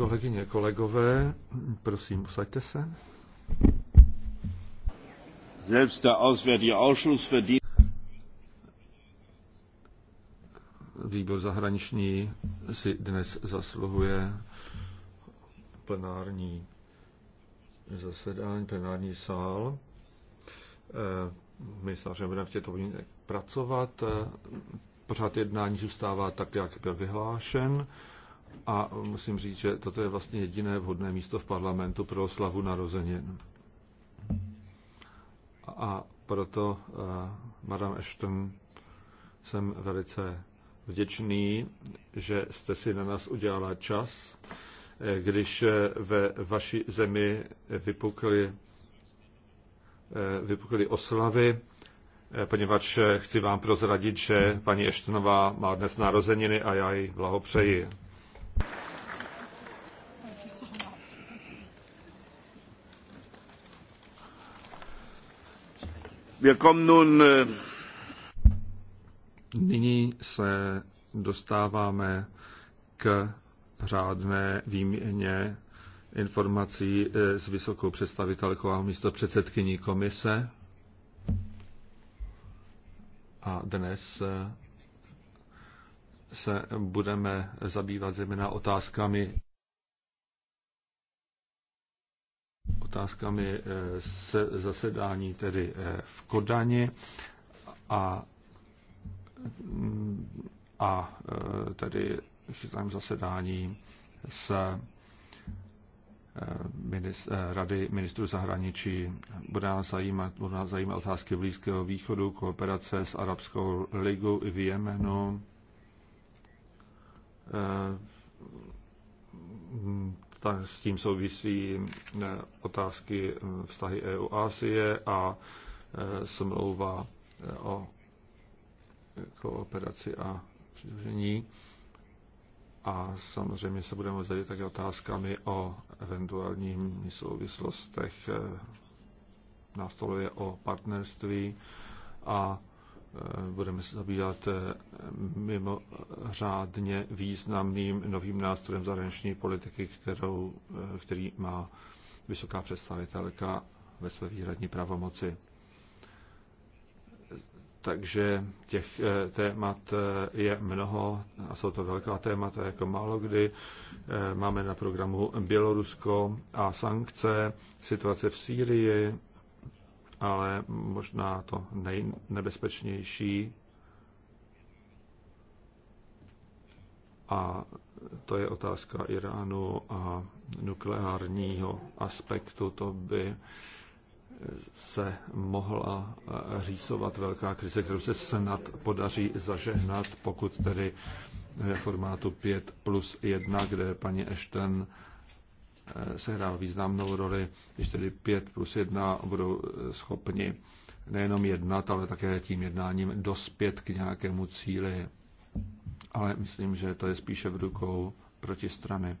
Kolegyně, kolegové, prosím, usaďte se. Selbst der Auswärtige Ausschuss verdient Výbor zahraniční si dnes zasluhuje plenární zasedání, plenární sál. Eh, my samozřejmě budeme v těchto pracovat pořád jednání zůstává tak, jak byl vyhlášen. A musím říct, že toto je vlastně jediné vhodné místo v parlamentu pro oslavu narozenin. A proto, uh, Madame Ashton, jsem velice vděčný, že jste si na nás udělala čas, eh, když eh, ve vaší zemi vypukly, vypukly oslavy Eh, poněvadž eh, chci vám prozradit, že paní Eštonová má dnes narozeniny a já jí blahopřeji. Eh, Nyní se dostáváme k řádné výměně informací s vysokou představitelkou a místo předsedkyní komise a dnes eh, se budeme zabývat zejména otázkami otázkami eh, se zasedání tedy eh, v Kodani a, mm, a tedy chytám zasedání s Eh, Rady ministrů zahraničí. Bude nás zajímat, bude nás zajímat otázky Blízkého východu, kooperace s Arabskou ligou i v Jemenu. Eh, tak s tím souvisí eh, otázky vztahy EU-Asie a smlouva o kooperaci a přidružení. A samozřejmě se budeme zajímat také otázkami o eventuálních souvislostech eh, nástoluje o partnerství a eh, budeme se zabývat eh, mimořádně významným novým nástrojem zahraniční politiky, kterou, který má vysoká představitelka ve své výhradní pravomoci takže těch eh, témat eh, je mnoho a jsou to velká témata jako málo kdy. Eh, máme na programu Bělorusko a sankce, situace v Sýrii, ale možná to nejnebezpečnější a to je otázka Iránu a nukleárního aspektu, to by se mohla eh, rýsovat velká krize, kterou se snad podaří zažehnat, pokud tedy ve eh, formátu 5 plus 1, kde paní Ashton eh, sehrál významnou roli, když tedy 5 plus 1 budou schopni nejenom jednat, ale také tím jednáním dospět k nějakému cíli. Ale myslím, že to je spíše v rukou protistrany.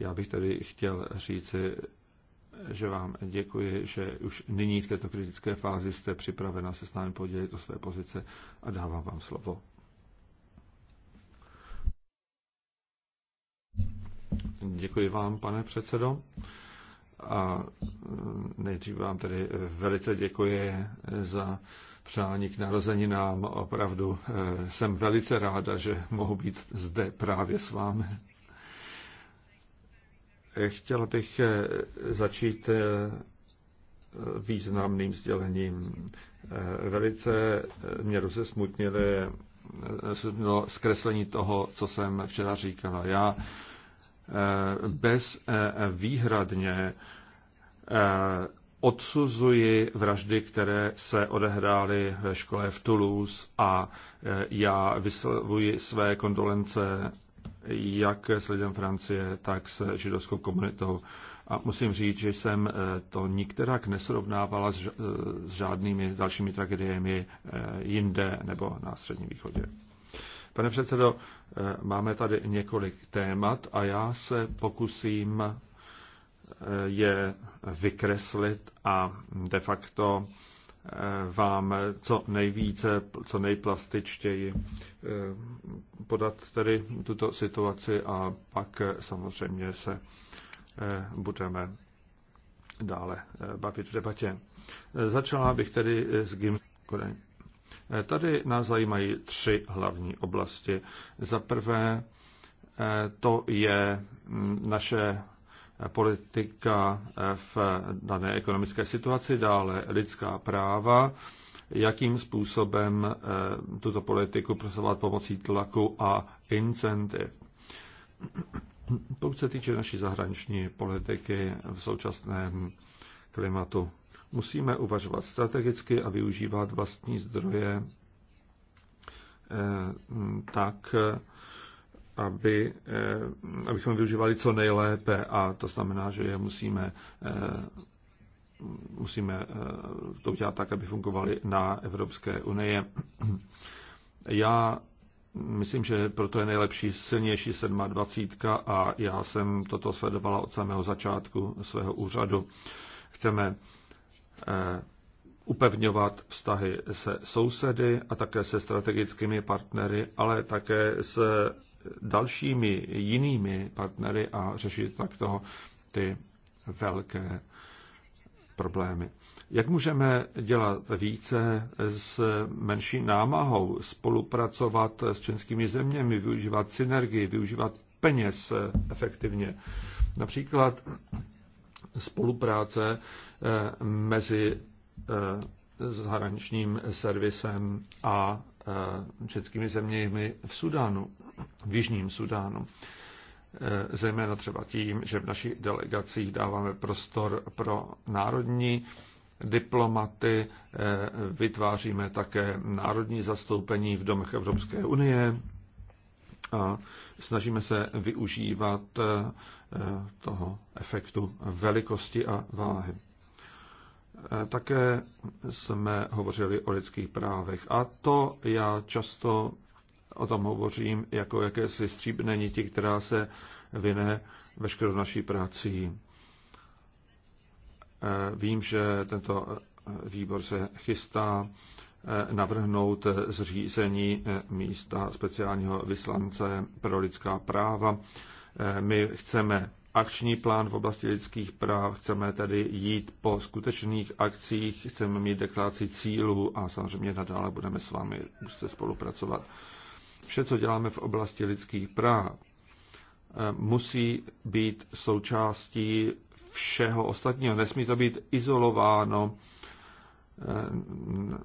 Já bych tedy chtěl říci, že vám děkuji, že už nyní v této kritické fázi jste připravena se s námi podělit o své pozice a dávám vám slovo. Děkuji vám, pane předsedo. A eh, nejdřív vám tedy eh, velice děkuji eh, za přání k narozeninám. Opravdu jsem velice ráda, že mohu být zde právě s vámi. Chtěl bych eh, začít eh, významným sdělením. Eh, velice mě rozesmutnily bylo no, zkreslení toho, co jsem včera říkala. Já bez výhradně odsuzuji vraždy, které se odehrály ve škole v Toulouse a já vyslovuji své kondolence jak s lidem Francie, tak s židovskou komunitou. A musím říct, že jsem eh, to nikterak nesrovnávala s eh, žádnými dalšími tragédiemi eh, jinde nebo na Středním východě. Pane předsedo, máme tady několik témat a já se pokusím je vykreslit a de facto vám co nejvíce, co nejplastičtěji eh, podat tedy tuto situaci a pak eh, samozřejmě se eh, budeme dále bavit v debatě. Začala bych tedy s Gim. Tady nás zajímají tři hlavní oblasti. Za prvé, to je mm, naše politika eh, v dané ekonomické situaci, dále lidská práva, jakým způsobem eh, tuto politiku prosovat pomocí tlaku a incentiv. Pokud se týče naší zahraniční politiky v současném klimatu, musíme uvažovat strategicky a využívat vlastní zdroje eh, tak, aby, eh, abychom využívali co nejlépe a to znamená, že je musíme eh, musíme eh, to udělat tak, aby fungovali na Evropské unie. Já myslím, že proto je nejlepší silnější 27. a já jsem toto sledovala od samého začátku svého úřadu. Chceme upevňovat vztahy se sousedy a také se strategickými partnery, ale také se dalšími jinými partnery a řešit tak toho ty velké problémy. Jak můžeme dělat více s menší námahou, spolupracovat s českými zeměmi, využívat synergii, využívat peněz efektivně? Například spolupráce eh, mezi eh, zahraničním servisem a českými zeměmi v Sudánu, v Jižním Sudánu. E, zejména třeba tím, že v našich delegacích dáváme prostor pro národní diplomaty, e, vytváříme také národní zastoupení v domech Evropské unie a snažíme se využívat e, toho efektu velikosti a váhy. Eh, také jsme hovořili o lidských právech a to já často o tom hovořím jako jakési stříbné niti, která se vyne veškerou naší práci. Eh, vím, že tento výbor se chystá eh, navrhnout zřízení místa speciálního vyslance pro lidská práva. My chceme akční plán v oblasti lidských práv, chceme tedy jít po skutečných akcích, chceme mít deklaraci cílů a samozřejmě nadále budeme s vámi se spolupracovat. Vše, co děláme v oblasti lidských práv, eh, musí být součástí všeho ostatního. Nesmí to být izolováno, eh,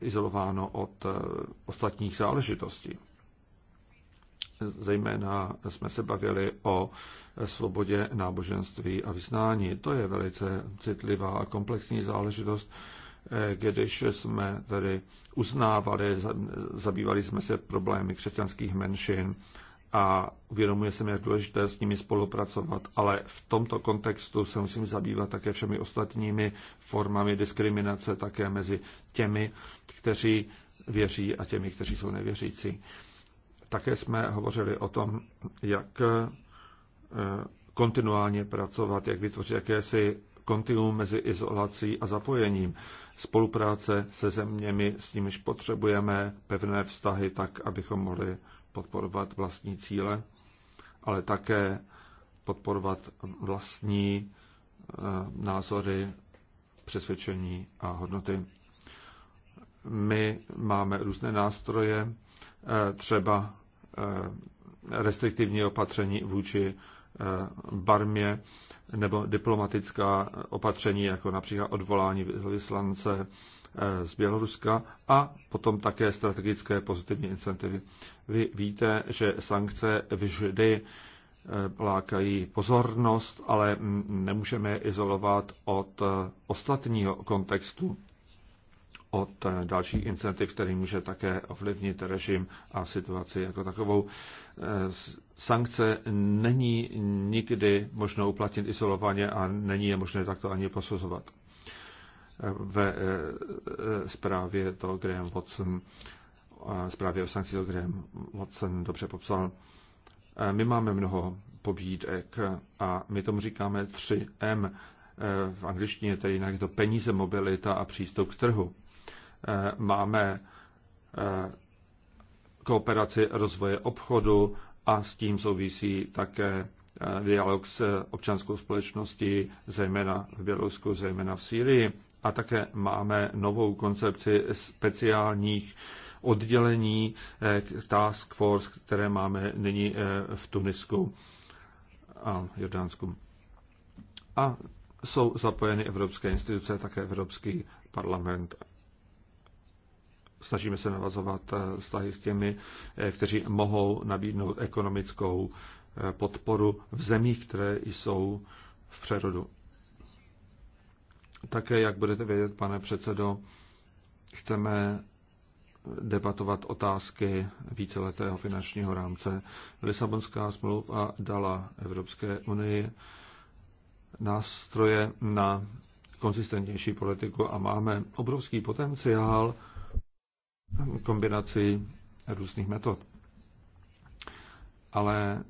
izolováno od eh, ostatních záležitostí. Zejména jsme se bavili o svobodě náboženství a vyznání. To je velice citlivá a komplexní záležitost, když jsme tedy uznávali, zabývali jsme se problémy křesťanských menšin a uvědomuje se mi, jak důležité s nimi spolupracovat, ale v tomto kontextu se musím zabývat také všemi ostatními formami diskriminace, také mezi těmi, kteří věří a těmi, kteří jsou nevěřící. Také jsme hovořili o tom, jak eh, kontinuálně pracovat, jak vytvořit jakési kontinuum mezi izolací a zapojením. Spolupráce se zeměmi, s nimiž potřebujeme pevné vztahy, tak abychom mohli podporovat vlastní cíle, ale také podporovat vlastní eh, názory, přesvědčení a hodnoty. My máme různé nástroje, eh, třeba Eh, restriktivní opatření vůči eh, Barmě nebo diplomatická opatření, jako například odvolání vyslance eh, z Běloruska a potom také strategické pozitivní incentivy. Vy víte, že sankce vždy lákají pozornost, ale nemůžeme je izolovat od ostatního kontextu od dalších incentiv, který může také ovlivnit režim a situaci jako takovou. Sankce není nikdy možno uplatnit izolovaně a není je možné takto ani posuzovat. Ve e, e, zprávě to Graham Watson, zprávě o sankcích to Graham Watson dobře popsal. E, my máme mnoho pobídek a my tomu říkáme 3M. V angličtině tedy jinak to peníze, mobilita a přístup k trhu. Eh, máme eh, kooperaci rozvoje obchodu a s tím souvisí také eh, dialog s občanskou společností, zejména v Bělorusku, zejména v Sýrii. A také máme novou koncepci speciálních oddělení Task Force, které máme nyní v Tunisku a Jordánsku. A jsou zapojeny evropské instituce, také Evropský parlament snažíme se navazovat eh, vztahy s těmi, eh, kteří mohou nabídnout ekonomickou eh, podporu v zemích, které jsou v přerodu. Také, jak budete vědět, pane předsedo, chceme debatovat otázky víceletého finančního rámce. Lisabonská smlouva dala Evropské unii nástroje na konzistentnější politiku a máme obrovský potenciál kombinaci různých metod. Ale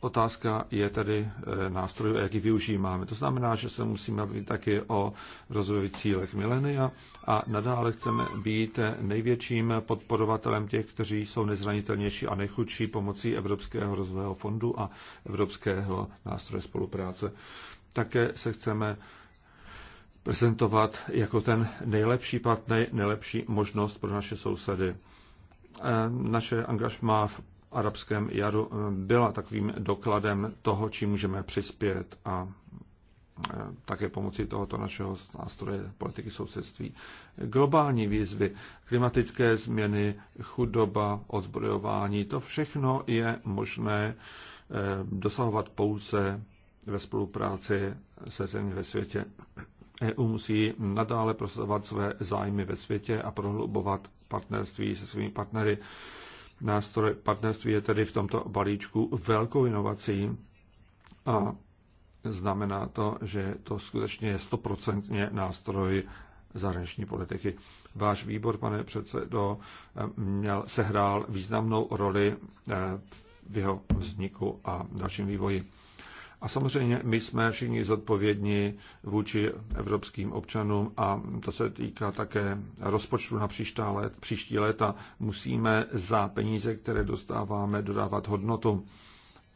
otázka je tedy eh, nástrojů, jak ji využíváme. To znamená, že se musíme být taky o rozvojových cílech milenia a nadále chceme být největším podporovatelem těch, kteří jsou nejzranitelnější a nejchudší pomocí Evropského rozvojového fondu a Evropského nástroje spolupráce. Také se chceme prezentovat jako ten nejlepší partner, nejlepší možnost pro naše sousedy. E, naše angažma v arabském jaru e, byla takovým dokladem toho, čím můžeme přispět a e, také pomocí tohoto našeho nástroje politiky sousedství. Globální výzvy, klimatické změny, chudoba, odzbrojování, to všechno je možné dosahovat pouze ve spolupráci se zemí ve světě. EU musí nadále prosazovat své zájmy ve světě a prohlubovat partnerství se svými partnery. Nástroj partnerství je tedy v tomto balíčku velkou inovací a znamená to, že to skutečně je stoprocentně nástroj zahraniční politiky. Váš výbor, pane předsedo, měl, sehrál významnou roli eh, v jeho vzniku a dalším vývoji. A samozřejmě my jsme všichni zodpovědní vůči evropským občanům a to se týká také rozpočtu na příští let, příští léta. Musíme za peníze, které dostáváme, dodávat hodnotu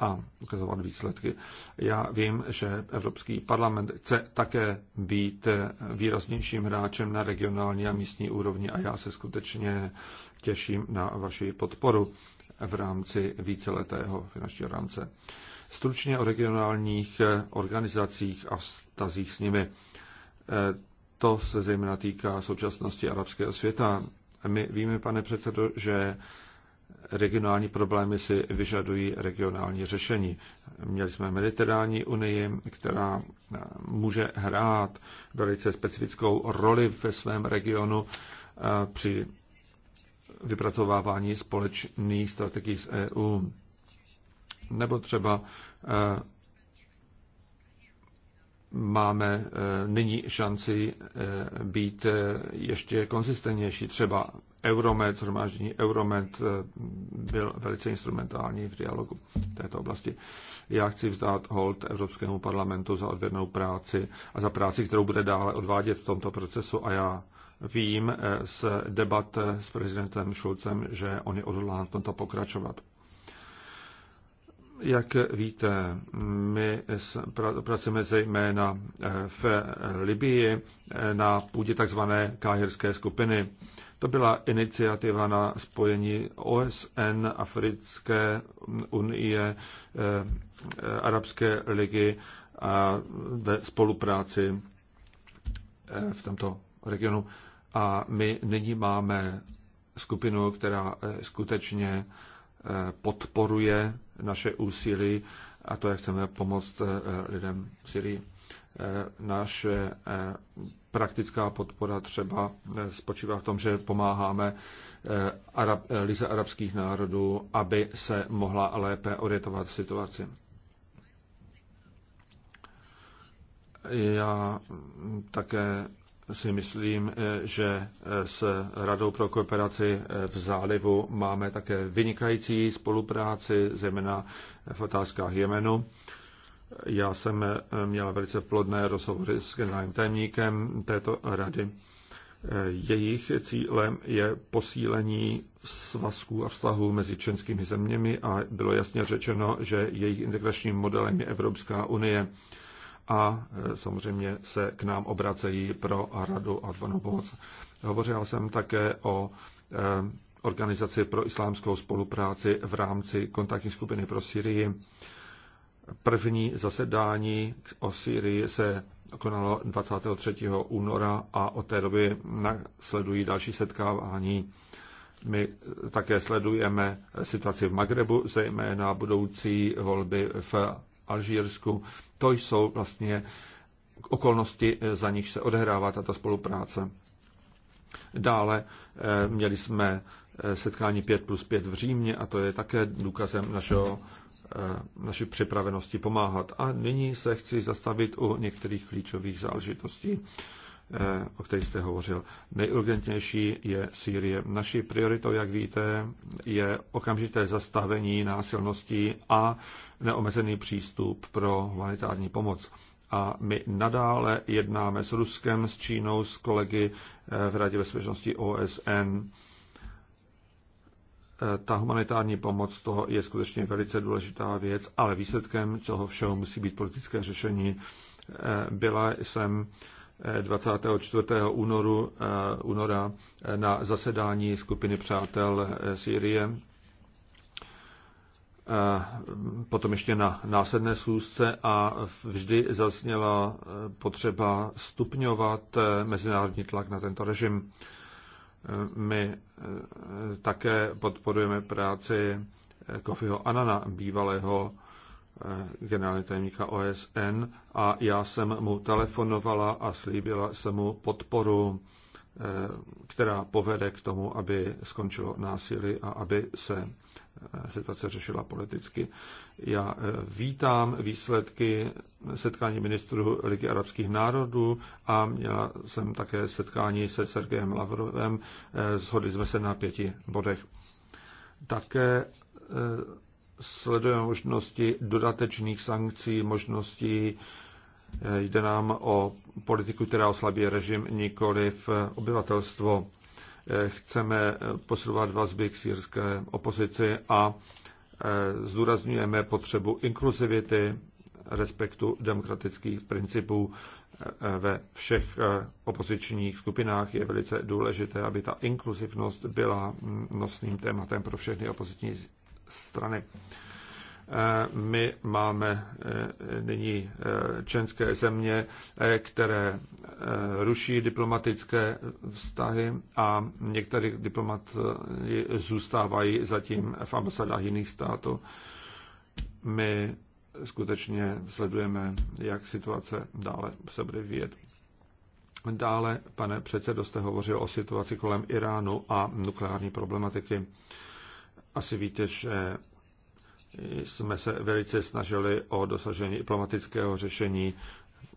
a ukazovat výsledky. Já vím, že Evropský parlament chce také být výraznějším hráčem na regionální a místní úrovni a já se skutečně těším na vaši podporu v rámci víceletého finančního rámce. Stručně o regionálních eh, organizacích a vztazích s nimi. Eh, to se zejména týká současnosti arabského světa. My víme, pane předsedo, že regionální problémy si vyžadují regionální řešení. Měli jsme mediterální unii, která eh, může hrát velice specifickou roli ve svém regionu při vypracovávání společných strategií z EU. Nebo třeba eh, máme eh, nyní šanci eh, být ještě konzistentnější. Třeba Euromed, zhromáždění Euromed byl velice instrumentální v dialogu této oblasti. Já chci vzdát hold Evropskému parlamentu za odvěrnou práci a za práci, kterou bude dále odvádět v tomto procesu a já vím z debat s prezidentem Šulcem, že on je odhodlán v tomto pokračovat. Jak víte, my pracujeme zejména eh, v Libii eh, na půdě tzv. káhirské skupiny. To byla iniciativa na spojení OSN, Africké unie, eh, Arabské ligy a ve spolupráci v tomto regionu. A my nyní máme skupinu, která skutečně podporuje naše úsilí a to, jak chceme pomoct eh, lidem v Syrii. Eh, naše eh, praktická podpora třeba spočívá v tom, že pomáháme Arab, lize arabských národů, aby se mohla lépe orientovat v situaci. Já také si myslím, eh, že eh, s Radou pro kooperaci eh, v zálivu máme také vynikající spolupráci, zejména v otázkách Jemenu. Já jsem měla velice plodné rozhovory s generálním tajemníkem této rady. Jejich cílem je posílení svazků a vztahů mezi členskými zeměmi a bylo jasně řečeno, že jejich integračním modelem je Evropská unie a e, samozřejmě se k nám obracejí pro radu a pomoc. Hovořil jsem také o e, organizaci pro islámskou spolupráci v rámci kontaktní skupiny pro Syrii. První zasedání o Syrii se konalo 23. února a od té doby sledují další setkávání. My také sledujeme situaci v Magrebu, zejména budoucí volby v Alžírsku. To jsou vlastně okolnosti, eh, za nich se odehrává tato spolupráce. Dále eh, měli jsme eh, setkání 5 plus 5 v Římě a to je také důkazem našeho, naší připravenosti pomáhat. A nyní se chci zastavit u některých klíčových záležitostí, o kterých jste hovořil. Nejurgentnější je Sýrie. Naší prioritou, jak víte, je okamžité zastavení násilností a neomezený přístup pro humanitární pomoc. A my nadále jednáme s Ruskem, s Čínou, s kolegy eh, v Radě bezpečnosti OSN. Eh, ta humanitární pomoc to je skutečně velice důležitá věc, ale výsledkem toho všeho musí být politické řešení. Eh, byla jsem 24. únoru, února na zasedání skupiny přátel Sýrie Eh, potom ještě na následné schůzce a vždy zazněla eh, potřeba stupňovat eh, mezinárodní tlak na tento režim. My také podporujeme práci Kofiho Anana, bývalého generálního tajemníka OSN a já jsem mu telefonovala a slíbila jsem mu podporu Eh, která povede k tomu, aby skončilo násilí a aby se eh, situace řešila politicky. Já eh, vítám výsledky setkání ministrů Ligy arabských národů a měla jsem také setkání se Sergejem Lavrovem. Zhodli jsme se na pěti bodech. Také sledujeme možnosti dodatečných sankcí, možnosti Eh, jde nám o politiku, která oslabí režim, nikoli v eh, obyvatelstvo. Eh, chceme posilovat vazby k sírské opozici a zdůrazňujeme potřebu inkluzivity, respektu demokratických principů ve všech opozičních skupinách. Je velice důležité, aby ta inkluzivnost byla mm, nosným tématem pro všechny opoziční strany. My máme e, nyní e, členské země, e, které ruší diplomatické vztahy a některé diplomaty zůstávají zatím v ambasadách jiných států. My skutečně sledujeme, jak situace dále se bude vyvíjet. Dále, pane předsedo, jste hovořil o situaci kolem Iránu a nukleární problematiky. Asi víte, že jsme se velice snažili o dosažení diplomatického řešení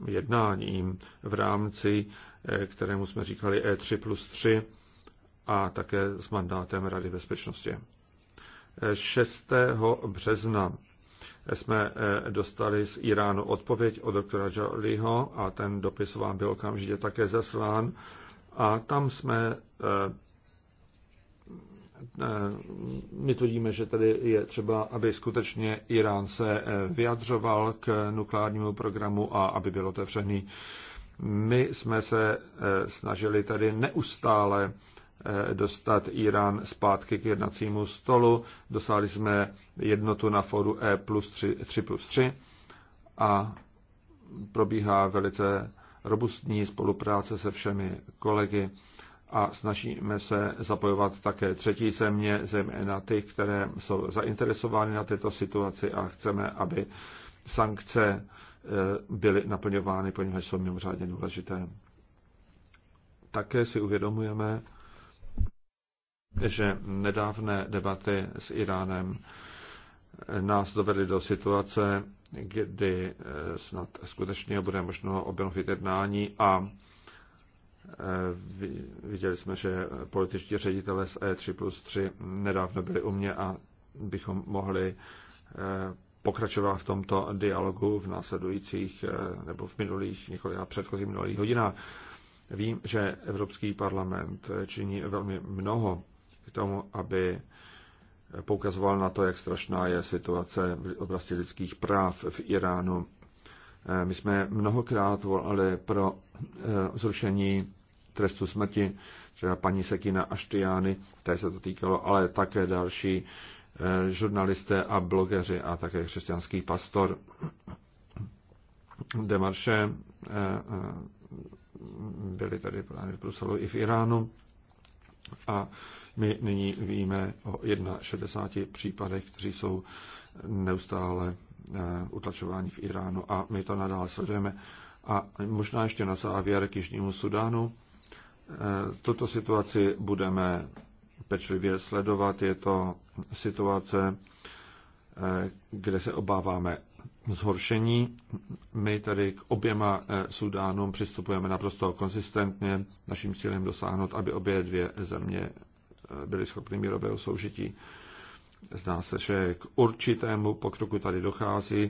jednáním v rámci, eh, kterému jsme říkali E3 plus 3 a také s mandátem Rady bezpečnosti. 6. Eh, března eh, jsme dostali z Iránu odpověď od doktora Jaliho a ten dopis vám byl okamžitě také zaslán. A tam jsme Eh, my tvrdíme, že tady je třeba, aby skutečně Irán se eh, vyjadřoval k nukleárnímu programu a aby bylo otevřený. My jsme se eh, snažili tady neustále dostat Irán zpátky k jednacímu stolu. Dosáhli jsme jednotu na foru E plus 3, 3 plus 3 a probíhá velice robustní spolupráce se všemi kolegy a snažíme se zapojovat také třetí země, zejména ty, které jsou zainteresovány na této situaci a chceme, aby sankce e, byly naplňovány, poněvadž jsou mimořádně důležité. Také si uvědomujeme, že nedávné debaty s Iránem e, nás dovedly do situace, kdy e, snad skutečně bude možno obnovit jednání a Eh, viděli jsme, že političtí ředitelé z E3 plus 3 nedávno byli u mě a bychom mohli eh, pokračovat v tomto dialogu v následujících eh, nebo v minulých, několika předchozích minulých hodinách. Vím, že Evropský parlament činí velmi mnoho k tomu, aby poukazoval na to, jak strašná je situace v oblasti lidských práv v Iránu. Eh, my jsme mnohokrát volali pro eh, zrušení trestu smrti, třeba paní Sekina Aštiány, té se to týkalo, ale také další eh, žurnalisté a blogeři a také křesťanský pastor. Demarše Byli tady právě v Bruselu i v Iránu a my nyní víme o 61 případech, kteří jsou neustále Eh, utlačování v Iránu a my to nadále sledujeme. A možná ještě na závěr k Jižnímu Sudánu. Eh, tuto situaci budeme pečlivě sledovat. Je to situace, eh, kde se obáváme zhoršení. My tady k oběma Sudánům přistupujeme naprosto konsistentně. Naším cílem dosáhnout, aby obě dvě země byly schopny mírového soužití. Zdá se, že k určitému pokroku tady dochází.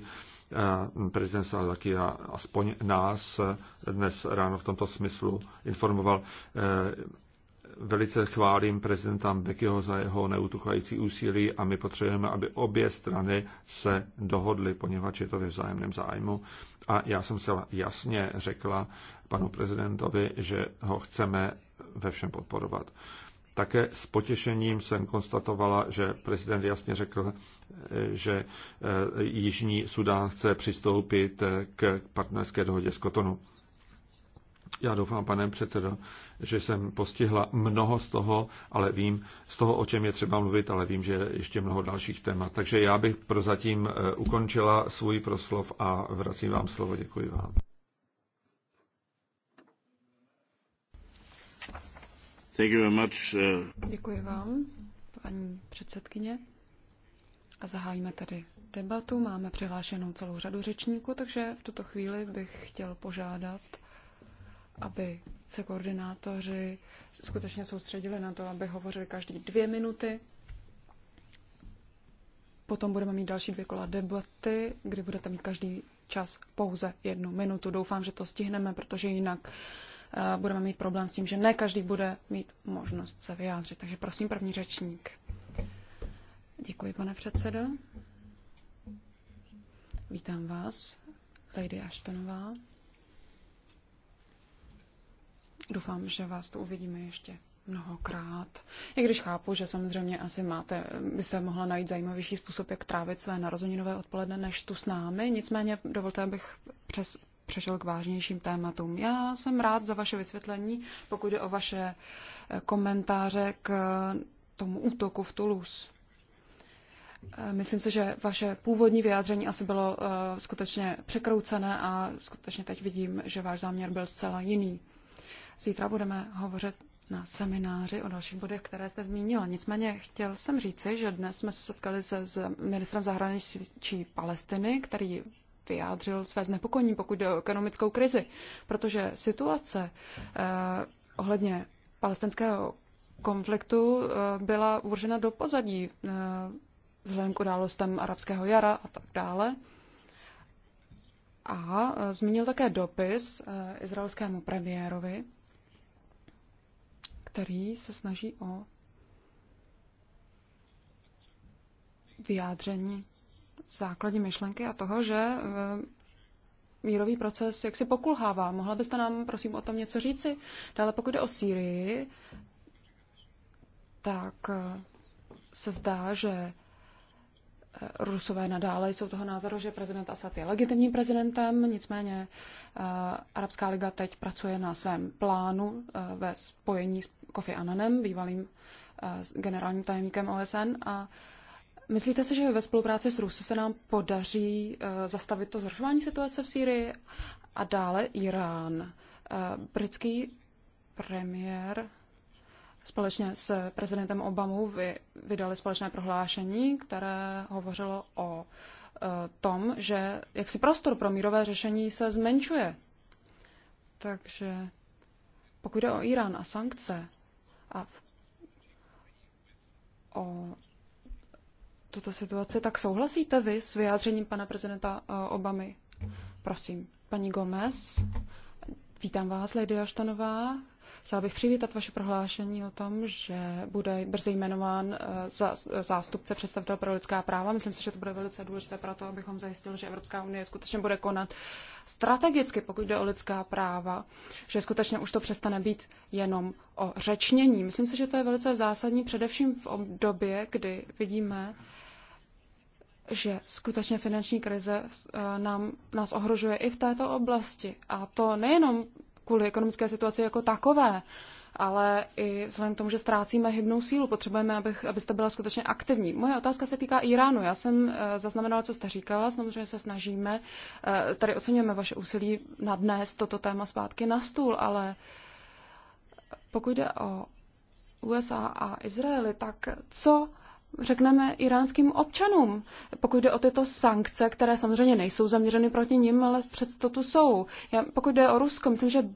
Prezident taky a aspoň nás dnes ráno v tomto smyslu informoval. E, velice chválím prezidenta Bekyho za jeho neutuchající úsilí a my potřebujeme, aby obě strany se dohodly, poněvadž je to ve vzájemném zájmu. A já jsem se jasně řekla panu prezidentovi, že ho chceme ve všem podporovat. Také s potěšením jsem konstatovala, že prezident jasně řekl, e, že e, Jižní Sudán chce přistoupit e, k partnerské dohodě s Kotonu. Já doufám, pane předsedo, že jsem postihla mnoho z toho, ale vím, z toho, o čem je třeba mluvit, ale vím, že je ještě mnoho dalších témat. Takže já bych prozatím ukončila svůj proslov a vracím vám slovo. Děkuji vám. Uh, Děkuji vám, paní předsedkyně. A zahájíme tady debatu. Máme přihlášenou celou řadu řečníků, takže v tuto chvíli bych chtěl požádat, aby se koordinátoři skutečně soustředili na to, aby hovořili každý dvě minuty. Potom budeme mít další dvě kola debaty, kdy budete mít každý čas pouze jednu minutu. Doufám, že to stihneme, protože jinak uh, budeme mít problém s tím, že ne každý bude mít možnost se vyjádřit. Takže prosím, první řečník. Děkuji, pane předsedo. Vítám vás, Lady Ashtonová. Doufám, že vás tu uvidíme ještě mnohokrát. I když chápu, že samozřejmě asi máte, byste mohla najít zajímavější způsob, jak trávit své narozeninové odpoledne než tu s námi. Nicméně dovolte, abych přes přešel k vážnějším tématům. Já jsem rád za vaše vysvětlení, pokud je o vaše eh, komentáře k eh, tomu útoku v Toulouse. Eh, myslím si, že vaše původní vyjádření asi bylo uh, skutečně překroucené a skutečně teď vidím, že váš záměr byl zcela jiný. Zítra budeme hovořit na semináři o dalších bodech, které jste zmínila. Nicméně chtěl jsem říci, že dnes jsme se setkali se s ministrem zahraničí Palestiny, který vyjádřil své znepokojení, pokud jde o ekonomickou krizi, protože situace eh, ohledně palestinského konfliktu eh, byla uvržena do pozadí eh, vzhledem k událostem arabského jara a tak dále. A eh, zmínil také dopis eh, izraelskému premiérovi, který se snaží o vyjádření základní myšlenky a toho, že eh, mírový proces jaksi pokulhává. Mohla byste nám, prosím, o tom něco říci? Dále pokud jde o Sýrii, tak eh, se zdá, že eh, Rusové nadále jsou toho názoru, že prezident Assad je legitimním prezidentem, nicméně uh, Arabská liga teď pracuje na svém plánu uh, ve spojení s Kofi Ananem, bývalým uh, generálním tajemníkem OSN a uh, Myslíte si, že ve spolupráci s Rusy se nám podaří eh, zastavit to zhoršování situace v Sýrii a dále Irán? Eh, britský premiér společně s prezidentem Obamou vydali společné prohlášení, které hovořilo o eh, tom, že jaksi prostor pro mírové řešení se zmenšuje. Takže pokud jde o Irán a sankce a o tuto situaci, tak souhlasíte vy s vyjádřením pana prezidenta eh, Obamy? Prosím, paní Gomez, vítám vás, Lady Aštanová. Chtěla bych přivítat vaše prohlášení o tom, že bude brzy jmenován eh, zástupce představitel pro lidská práva. Myslím si, že to bude velice důležité pro to, abychom zajistili, že Evropská unie skutečně bude konat strategicky, pokud jde o lidská práva, že skutečně už to přestane být jenom o řečnění. Myslím si, že to je velice zásadní především v době, kdy vidíme, že skutečně finanční krize eh, nám, nás ohrožuje i v této oblasti. A to nejenom kvůli ekonomické situaci jako takové, ale i vzhledem k tomu, že ztrácíme hybnou sílu, potřebujeme, abych, abyste byla skutečně aktivní. Moje otázka se týká Iránu. Já jsem eh, zaznamenala, co jste říkala, samozřejmě se snažíme, eh, tady oceňujeme vaše úsilí na dnes toto téma zpátky na stůl, ale pokud jde o USA a Izraeli, tak co řekneme iránským občanům, pokud jde o tyto sankce, které samozřejmě nejsou zaměřeny proti ním, ale přesto tu jsou. Já, pokud jde o Rusko, myslím, že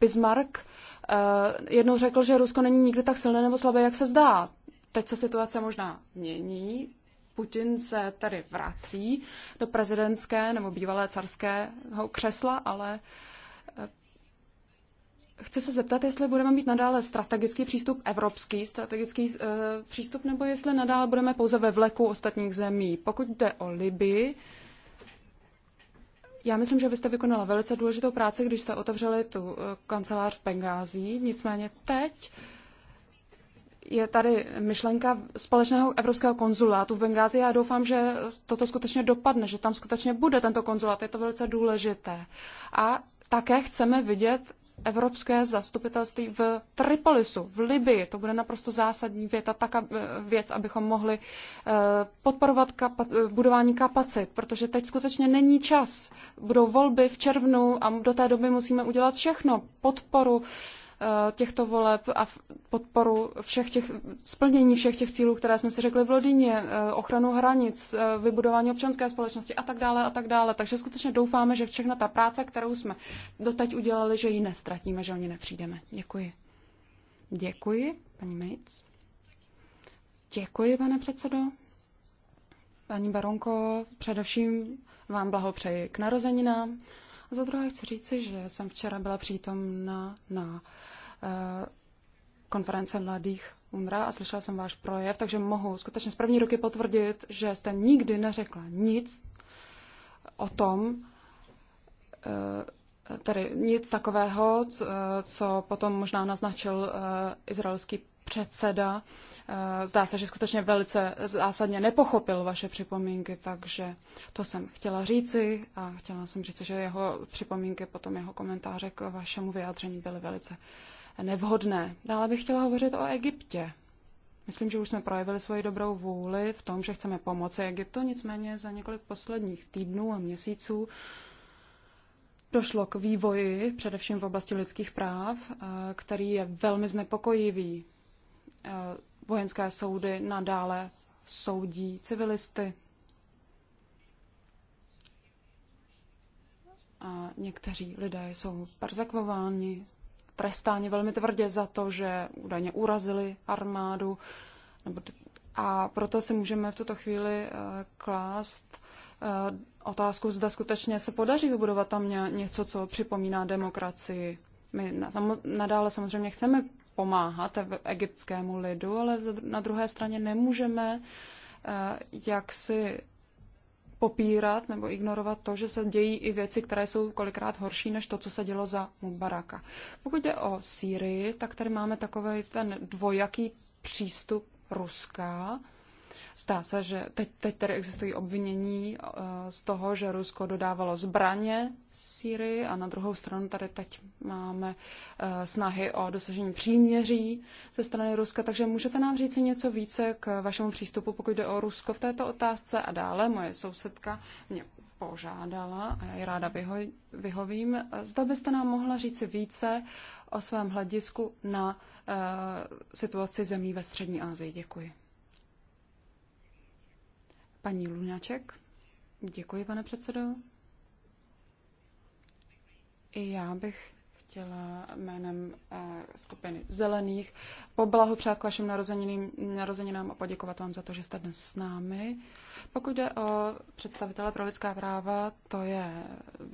Bismarck uh, jednou řekl, že Rusko není nikdy tak silné nebo slabé, jak se zdá. Teď se situace možná mění. Putin se tady vrací do prezidentské nebo bývalé carského křesla, ale uh, Chci se zeptat, jestli budeme mít nadále strategický přístup, evropský strategický uh, přístup, nebo jestli nadále budeme pouze ve vleku ostatních zemí. Pokud jde o Libii, já myslím, že byste vykonala velice důležitou práci, když jste otevřeli tu eh, kancelář v Bengází. Nicméně teď je tady myšlenka společného evropského konzulátu v Bengázi. Já doufám, že toto skutečně dopadne, že tam skutečně bude tento konzulát. Je to velice důležité. A také chceme vidět evropské zastupitelství v Tripolisu, v Libii. To bude naprosto zásadní věta, tak eh, věc, abychom mohli eh, podporovat kapa- eh, budování kapacit, protože teď skutečně není čas. Budou volby v červnu a do té doby musíme udělat všechno. Podporu Eh, těchto voleb a podporu všech těch, splnění všech těch cílů, které jsme si řekli v Lodině, eh, ochranu hranic, eh, vybudování občanské společnosti a tak dále a tak dále. Takže skutečně doufáme, že všechna ta práce, kterou jsme doteď udělali, že ji nestratíme, že o ní nepřijdeme. Děkuji. Děkuji, paní Mejc. Děkuji, pane předsedo. Paní Baronko, především vám blahopřeji k narozeninám. A za druhé chci říci, že jsem včera byla přítomna na eh, konference mladých UNRA a slyšela jsem váš projev, takže mohu skutečně z první ruky potvrdit, že jste nikdy neřekla nic o tom, eh, tedy nic takového, co potom možná naznačil eh, izraelský předseda. Eh, zdá se, že skutečně velice zásadně nepochopil vaše připomínky, takže to jsem chtěla říci a chtěla jsem říci, že jeho připomínky, potom jeho komentáře k vašemu vyjádření byly velice nevhodné. Dále bych chtěla hovořit o Egyptě. Myslím, že už jsme projevili svoji dobrou vůli v tom, že chceme pomoci Egyptu, nicméně za několik posledních týdnů a měsíců došlo k vývoji, především v oblasti lidských práv, eh, který je velmi znepokojivý. Eh, vojenské soudy nadále soudí civilisty. A někteří lidé jsou persekvováni, trestáni velmi tvrdě za to, že údajně urazili armádu. A proto si můžeme v tuto chvíli eh, klást eh, otázku, zda skutečně se podaří vybudovat tam něco, co připomíná demokracii. My nadále samozřejmě chceme pomáhat egyptskému lidu, ale na druhé straně nemůžeme eh, jaksi popírat nebo ignorovat to, že se dějí i věci, které jsou kolikrát horší než to, co se dělo za Mubaraka. Pokud jde o Sýrii, tak tady máme takový ten dvojaký přístup Ruska, Stá se, že teď, teď tady existují obvinění eh, z toho, že Rusko dodávalo zbraně Syrii a na druhou stranu tady teď máme eh, snahy o dosažení příměří ze strany Ruska, takže můžete nám říct něco více k vašemu přístupu, pokud jde o Rusko v této otázce a dále. Moje sousedka mě požádala, a já ji ráda vyho, vyhovím, zda byste nám mohla říci více o svém hledisku na uh, situaci zemí ve Střední Asii. Děkuji. Paní Lunáček, Děkuji, pane předsedo. I já bych chtěla jménem eh, skupiny Zelených poblahopřát k vašim narozeninám, narozeninám a poděkovat vám za to, že jste dnes s námi. Pokud jde o představitele pro lidská práva, to je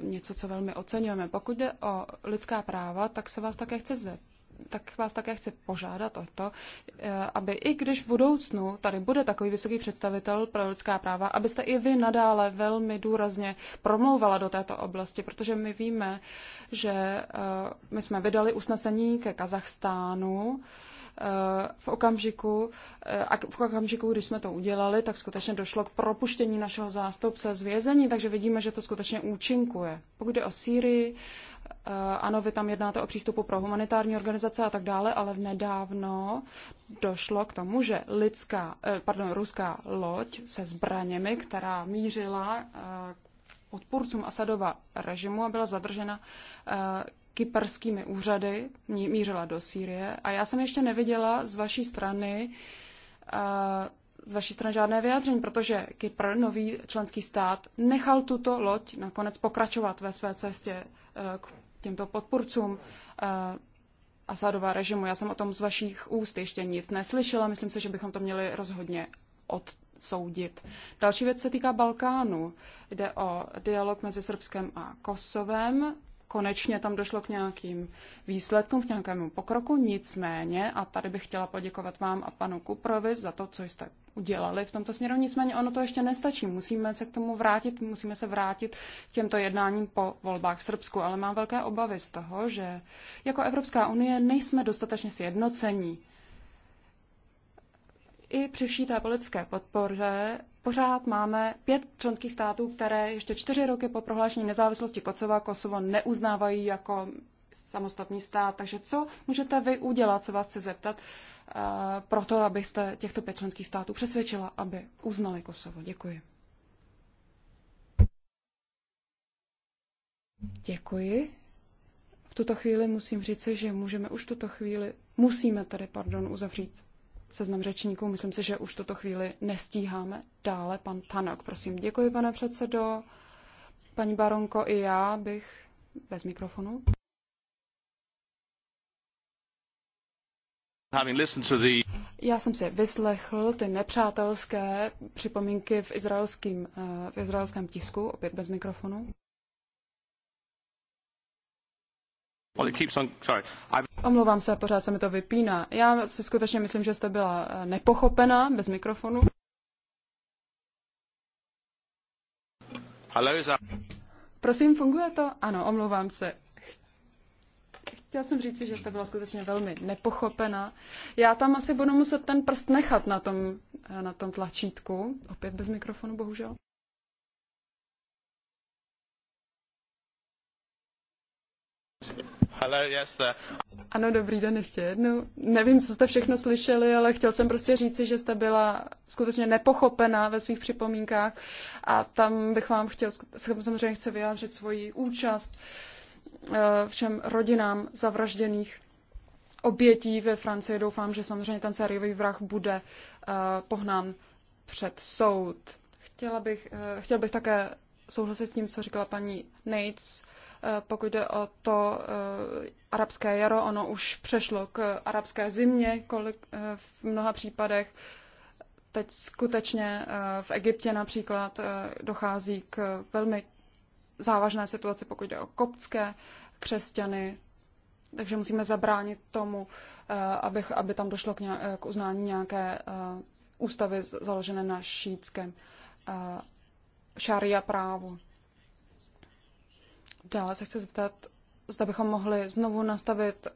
něco, co velmi oceňujeme. Pokud jde o lidská práva, tak se vás také chce zeptat tak vás také chci požádat o to, eh, aby i když v budoucnu tady bude takový vysoký představitel pro lidská práva, abyste i vy nadále velmi důrazně promlouvala do této oblasti, protože my víme, že eh, my jsme vydali usnesení ke Kazachstánu, Eh, v okamžiku, eh, v okamžiku, když jsme to udělali, tak skutečně došlo k propuštění našeho zástupce z vězení, takže vidíme, že to skutečně účinkuje. Pokud jde o Sýrii, eh, ano, vy tam jednáte o přístupu pro humanitární organizace a tak dále, ale nedávno došlo k tomu, že lidská, pardon, ruská loď se zbraněmi, která mířila k odpůrcům Asadova režimu a byla zadržena kyperskými úřady, mířila do Sýrie a já jsem ještě neviděla z vaší strany z vaší strany žádné vyjádření, protože Kypr, nový členský stát, nechal tuto loď nakonec pokračovat ve své cestě e, k těmto podpůrcům e, Asadova režimu. Já jsem o tom z vašich úst ještě nic neslyšela. Myslím si, že bychom to měli rozhodně odsoudit. Další věc se týká Balkánu. Jde o dialog mezi Srbskem a Kosovem konečně tam došlo k nějakým výsledkům, k nějakému pokroku. Nicméně, a tady bych chtěla poděkovat vám a panu Kuprovi za to, co jste udělali v tomto směru. Nicméně ono to ještě nestačí. Musíme se k tomu vrátit, musíme se vrátit k těmto jednáním po volbách v Srbsku, ale mám velké obavy z toho, že jako Evropská unie nejsme dostatečně sjednocení. I při vší té politické podpoře pořád máme pět členských států, které ještě čtyři roky po prohlášení nezávislosti Kosova Kosovo neuznávají jako samostatný stát. Takže co můžete vy udělat, co vás chci zeptat, eh, proto abyste těchto pět členských států přesvědčila, aby uznali Kosovo. Děkuji. Děkuji. V tuto chvíli musím říci, že můžeme už tuto chvíli, musíme tady, pardon, uzavřít seznam řečníků. Myslím si, že už tuto chvíli nestíháme. Dále pan Tanok, prosím. Děkuji, pane předsedo. Paní Baronko, i já bych bez mikrofonu. Já jsem si vyslechl ty nepřátelské připomínky v, izraelským, eh, v izraelském tisku, opět bez mikrofonu. Omlouvám se, pořád se mi to vypíná. Já si skutečně myslím, že jste byla eh, nepochopena bez mikrofonu. Hello, is that... Prosím, funguje to? Ano, omlouvám se. Chtěla jsem říct, že jste byla skutečně velmi nepochopena. Já tam asi budu muset ten prst nechat na tom, eh, na tom tlačítku. Opět bez mikrofonu, bohužel. Ano, dobrý den ještě jednou. Nevím, co jste všechno slyšeli, ale chtěl jsem prostě říci, že jste byla skutečně nepochopená ve svých připomínkách a tam bych vám chtěl, samozřejmě chce vyjádřit svoji účast eh, všem rodinám zavražděných obětí ve Francii. Doufám, že samozřejmě ten sériový vrah bude eh, pohnán před soud. Chtěla bych, eh, chtěl bych také souhlasit s tím, co říkala paní Nates Eh, pokud jde o to eh, arabské jaro, ono už přešlo k arabské zimě kolik, eh, v mnoha případech. Teď skutečně v Egyptě například dochází k velmi závažné situaci, pokud jde o koptské křesťany, takže musíme zabránit tomu, aby, aby tam došlo k, nějak, k uznání nějaké ústavy založené na šítském šaria právu. Dále se chci zeptat, zda bychom mohli znovu nastavit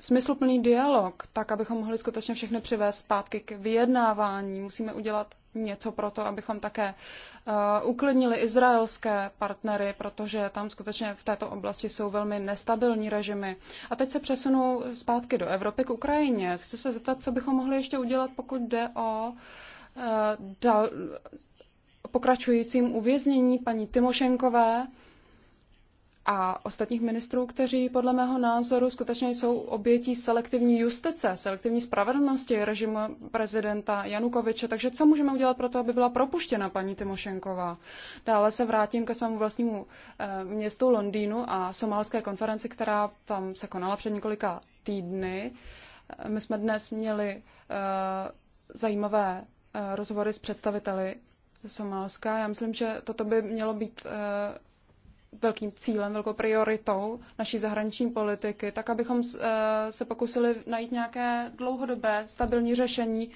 smysluplný dialog, tak abychom mohli skutečně všechny přivést zpátky k vyjednávání. Musíme udělat něco pro to, abychom také uh, uklidnili izraelské partnery, protože tam skutečně v této oblasti jsou velmi nestabilní režimy. A teď se přesunu zpátky do Evropy k Ukrajině. Chci se zeptat, co bychom mohli ještě udělat, pokud jde o uh, dal, pokračujícím uvěznění paní Timošenkové. Uh, a ostatních ministrů, kteří podle mého názoru skutečně jsou obětí selektivní justice, selektivní spravedlnosti režimu prezidenta Janukoviče. Takže co můžeme udělat pro to, aby byla propuštěna paní Timošenková? Dále se vrátím ke svému vlastnímu eh, městu Londýnu a somálské konferenci, která tam se konala před několika týdny. Eh, my jsme dnes měli eh, zajímavé rozhovory s představiteli Somálska. Já myslím, že toto by mělo být velkým cílem, velkou prioritou naší zahraniční politiky, tak abychom eh, se pokusili najít nějaké dlouhodobé stabilní řešení,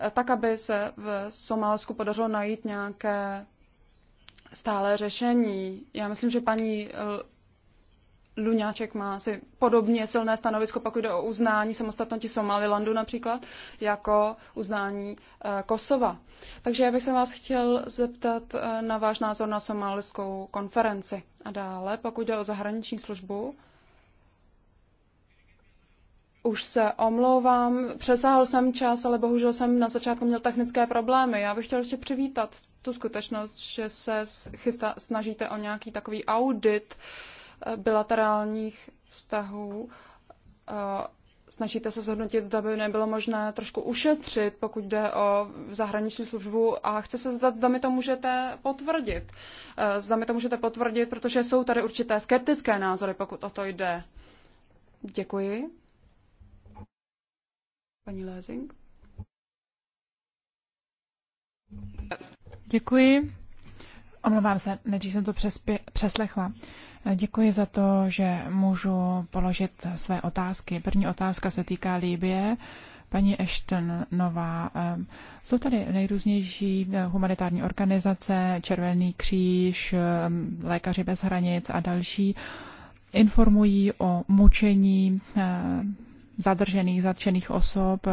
eh, tak aby se v Somálsku podařilo najít nějaké stále řešení. Já myslím, že paní eh, Luňáček má asi podobně silné stanovisko, pokud jde o uznání samostatnosti Somalilandu například, jako uznání Kosova. Takže já bych se vás chtěl zeptat na váš názor na somálskou konferenci. A dále, pokud jde o zahraniční službu, už se omlouvám, přesáhl jsem čas, ale bohužel jsem na začátku měl technické problémy. Já bych chtěl ještě přivítat tu skutečnost, že se chysta, snažíte o nějaký takový audit eh, bilaterálních vztahů eh, Snažíte se zhodnotit, zda by nebylo možné trošku ušetřit, pokud jde o zahraniční službu a chce se zeptat, zda mi to můžete potvrdit. Eh, zda mi to můžete potvrdit, protože jsou tady určité skeptické názory, pokud o to jde. Děkuji. Paní Lézing. Děkuji. Omlouvám se, nejdřív jsem to přespě- přeslechla. Děkuji za to, že můžu položit své otázky. První otázka se týká Líbie. Paní Ashtonová, jsou tady nejrůznější eh, humanitární organizace, Červený kříž, Lékaři bez hranic a další informují o mučení eh, zadržených, zatčených osob.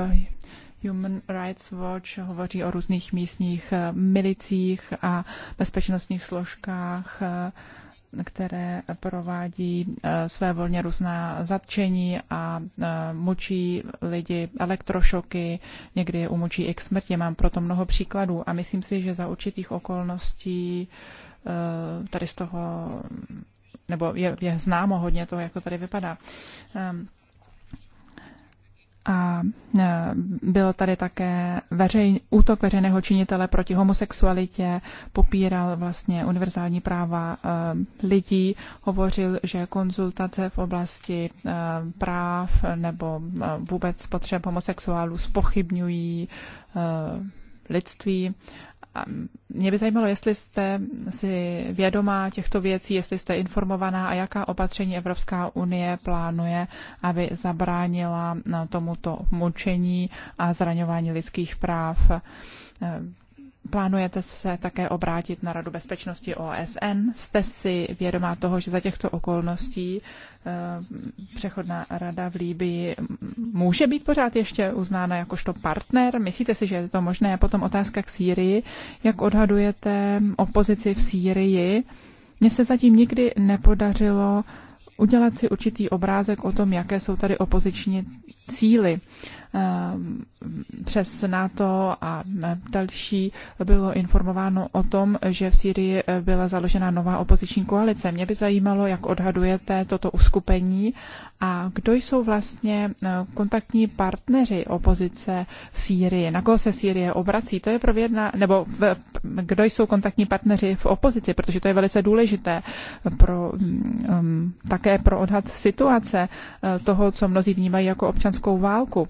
Human Rights Watch hovoří o různých místních eh, milicích a bezpečnostních složkách které provádí eh, své volně různá zatčení a eh, mučí lidi elektrošoky, někdy je umučí i k smrti. Mám proto mnoho příkladů a myslím si, že za určitých okolností eh, tady z toho, nebo je, je známo hodně toho, jak to tady vypadá. Ehm, a e, byl tady také veřej, útok veřejného činitele proti homosexualitě, popíral vlastně univerzální práva e, lidí, hovořil, že konzultace v oblasti e, práv nebo vůbec potřeb homosexuálů spochybňují lidství mě by zajímalo, jestli jste si vědomá těchto věcí, jestli jste informovaná a jaká opatření Evropská unie plánuje, aby zabránila no, tomuto mučení a zraňování lidských práv. Plánujete se také obrátit na Radu bezpečnosti OSN? Jste si vědomá toho, že za těchto okolností eh, přechodná rada v Líbii může být pořád ještě uznána jakožto partner? Myslíte si, že je to možné? Potom otázka k Sýrii. Jak odhadujete opozici v Sýrii? Mně se zatím nikdy nepodařilo udělat si určitý obrázek o tom, jaké jsou tady opoziční cíly. Eh, přes NATO a eh, další bylo informováno o tom, že v Sýrii eh, byla založena nová opoziční koalice. Mě by zajímalo, jak odhadujete toto uskupení a kdo jsou vlastně kontaktní partneři opozice v Sýrii, na koho se Sýrie obrací. To je pro jedna, nebo v, kdo jsou kontaktní partneři v opozici, protože to je velice důležité pro, um, také pro odhad situace toho, co mnozí vnímají jako občanskou válku.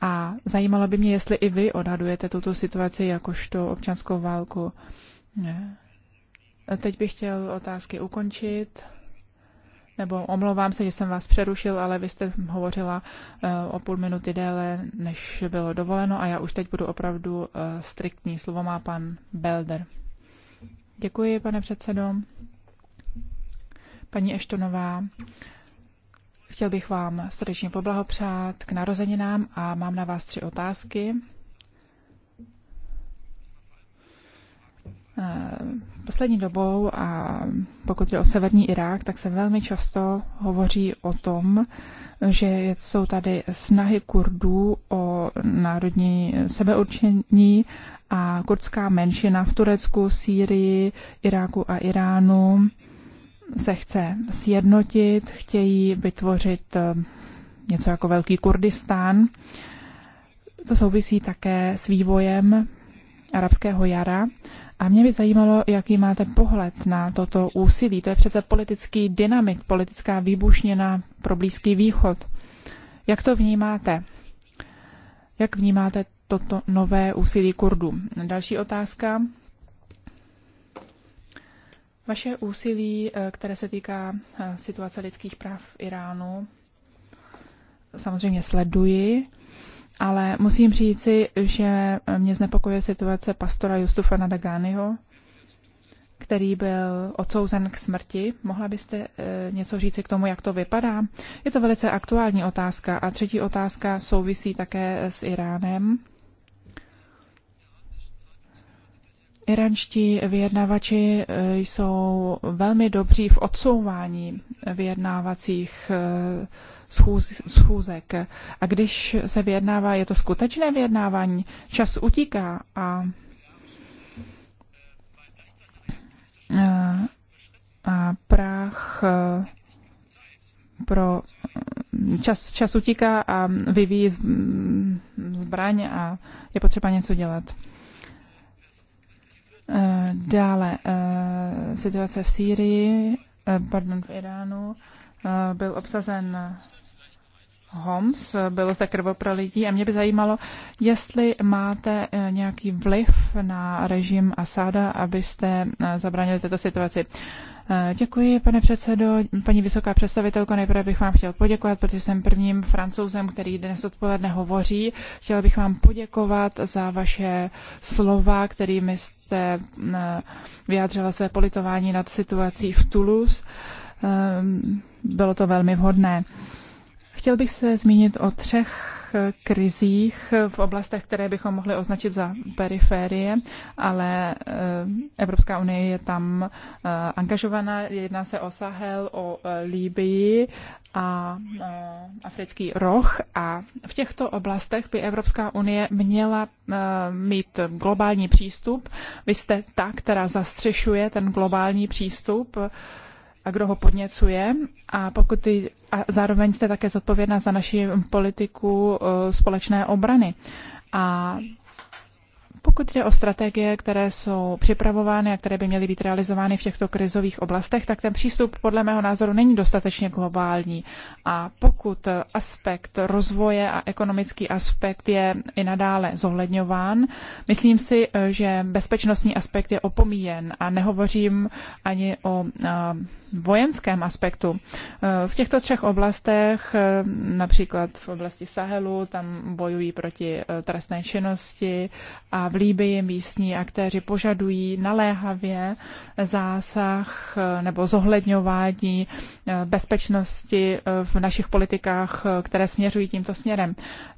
A zajímalo by mě, jestli i vy odhadujete tuto situaci jakožto občanskou válku. Ne. Teď bych chtěl otázky ukončit. Nebo omlouvám se, že jsem vás přerušil, ale vy jste hovořila eh, o půl minuty déle, než bylo dovoleno a já už teď budu opravdu eh, striktní. Slovo má pan Belder. Děkuji, pane předsedo. Paní Eštonová, Chtěl bych vám srdečně poblahopřát k narozeninám a mám na vás tři otázky. Eh, poslední dobou, a pokud jde o severní Irák, tak se velmi často hovoří o tom, že jsou tady snahy Kurdů o národní sebeurčení a kurdská menšina v Turecku, Sýrii, Iráku a Iránu se chce sjednotit, chtějí vytvořit eh, něco jako Velký Kurdistán, co souvisí také s vývojem arabského jara. A mě by zajímalo, jaký máte pohled na toto úsilí. To je přece politický dynamit, politická výbušněna pro Blízký východ. Jak to vnímáte? Jak vnímáte toto nové úsilí Kurdů? Další otázka. Vaše úsilí, eh, které se týká eh, situace lidských práv v Iránu, samozřejmě sleduji, ale musím říci, že eh, mě znepokojuje situace pastora Justufa Nadagányho, který byl odsouzen k smrti. Mohla byste něco říci k tomu, jak to vypadá? Je to velice aktuální otázka. A třetí otázka souvisí také s Iránem. Iranští vyjednavači eh, jsou velmi dobří v odsouvání vyjednávacích eh, schůzek. A když se vyjednává, je to skutečné vyjednávání, čas utíká a, eh, a práh pro čas, čas utíká a vyvíjí mm, zbraň a je potřeba něco dělat. Eh, dále eh, situace v Sýrii, eh, pardon, v Iránu, byl obsazen Homs, bylo zde krvo pro lidí a mě by zajímalo, jestli máte nějaký vliv na režim Asada, abyste zabránili této situaci. Eh, děkuji, pane předsedo. Paní vysoká představitelko, nejprve bych vám chtěl poděkovat, protože jsem prvním francouzem, který dnes odpoledne hovoří. Chtěla bych vám poděkovat za vaše slova, kterými jste mm, eh, vyjádřila své politování nad situací v Toulouse. Ehm, bylo to velmi vhodné. Chtěl bych se zmínit o třech eh, krizích eh, v oblastech, které bychom mohli označit za periférie, ale eh, Evropská unie je tam angažovaná. Jedná se o Sahel, o Líbii a africký roh. A v těchto oblastech by Evropská unie měla mít globální přístup. Vy jste ta, která zastřešuje ten globální přístup a kdo ho podněcuje a pokud ty, a zároveň jste také zodpovědná za naši politiku eh, společné obrany. A pokud jde o strategie, které jsou připravovány a které by měly být realizovány v těchto krizových oblastech, tak ten přístup podle mého názoru není dostatečně globální. A pokud aspekt rozvoje a ekonomický aspekt je i nadále zohledňován, myslím si, že bezpečnostní aspekt je opomíjen a nehovořím ani o vojenském aspektu. V těchto třech oblastech, například v oblasti Sahelu, tam bojují proti trestné činnosti a v Líbii místní aktéři požadují naléhavě zásah eh, nebo zohledňování eh, bezpečnosti eh, v našich politikách, které směřují tímto směrem.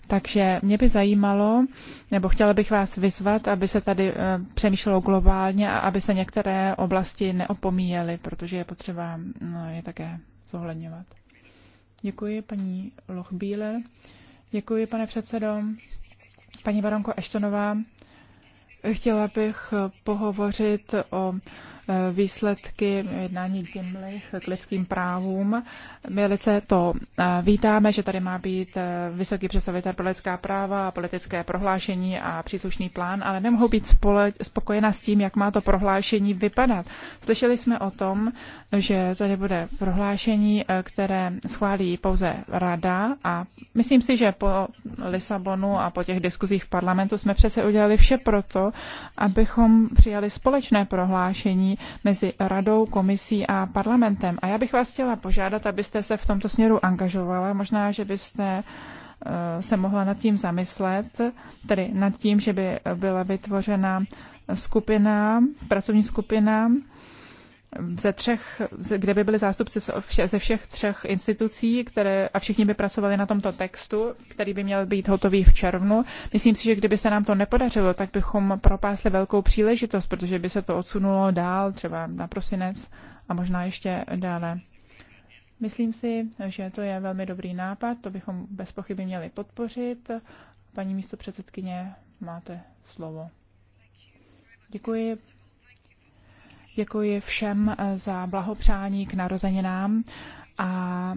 Takže mě by zajímalo, nebo chtěla bych vás vyzvat, aby se tady přemýšlelo globálně a aby se některé oblasti neopomíjely, protože je potřeba no, je také zohledňovat. Děkuji, paní Lochbíle. Děkuji, pane předsedo. Paní baronko Eštonová, Chtěla bych pohovořit o výsledky jednání Gimli k lidským právům. My velice to eh, vítáme, že tady má být eh, vysoký představitel pro lidská práva, politické prohlášení a příslušný plán, ale nemohu být spokojena s tím, jak má to prohlášení vypadat. Slyšeli jsme o tom, že tady bude prohlášení, eh, které schválí pouze rada a myslím si, že po Lisabonu a po těch diskuzích v parlamentu jsme přece udělali vše proto, abychom přijali společné prohlášení, mezi radou, komisí a parlamentem. A já bych vás chtěla požádat, abyste se v tomto směru angažovala. Možná, že byste eh, se mohla nad tím zamyslet, tedy nad tím, že by byla vytvořena skupina, pracovní skupina, ze třech, kde by byli zástupci ze všech třech institucí, které, a všichni by pracovali na tomto textu, který by měl být hotový v červnu. Myslím si, že kdyby se nám to nepodařilo, tak bychom propásli velkou příležitost, protože by se to odsunulo dál, třeba na prosinec a možná ještě dále. Myslím si, že to je velmi dobrý nápad, to bychom bez pochyby měli podpořit. Paní místo předsedkyně, máte slovo. Děkuji, Děkuji všem eh, za blahopřání k narozeninám a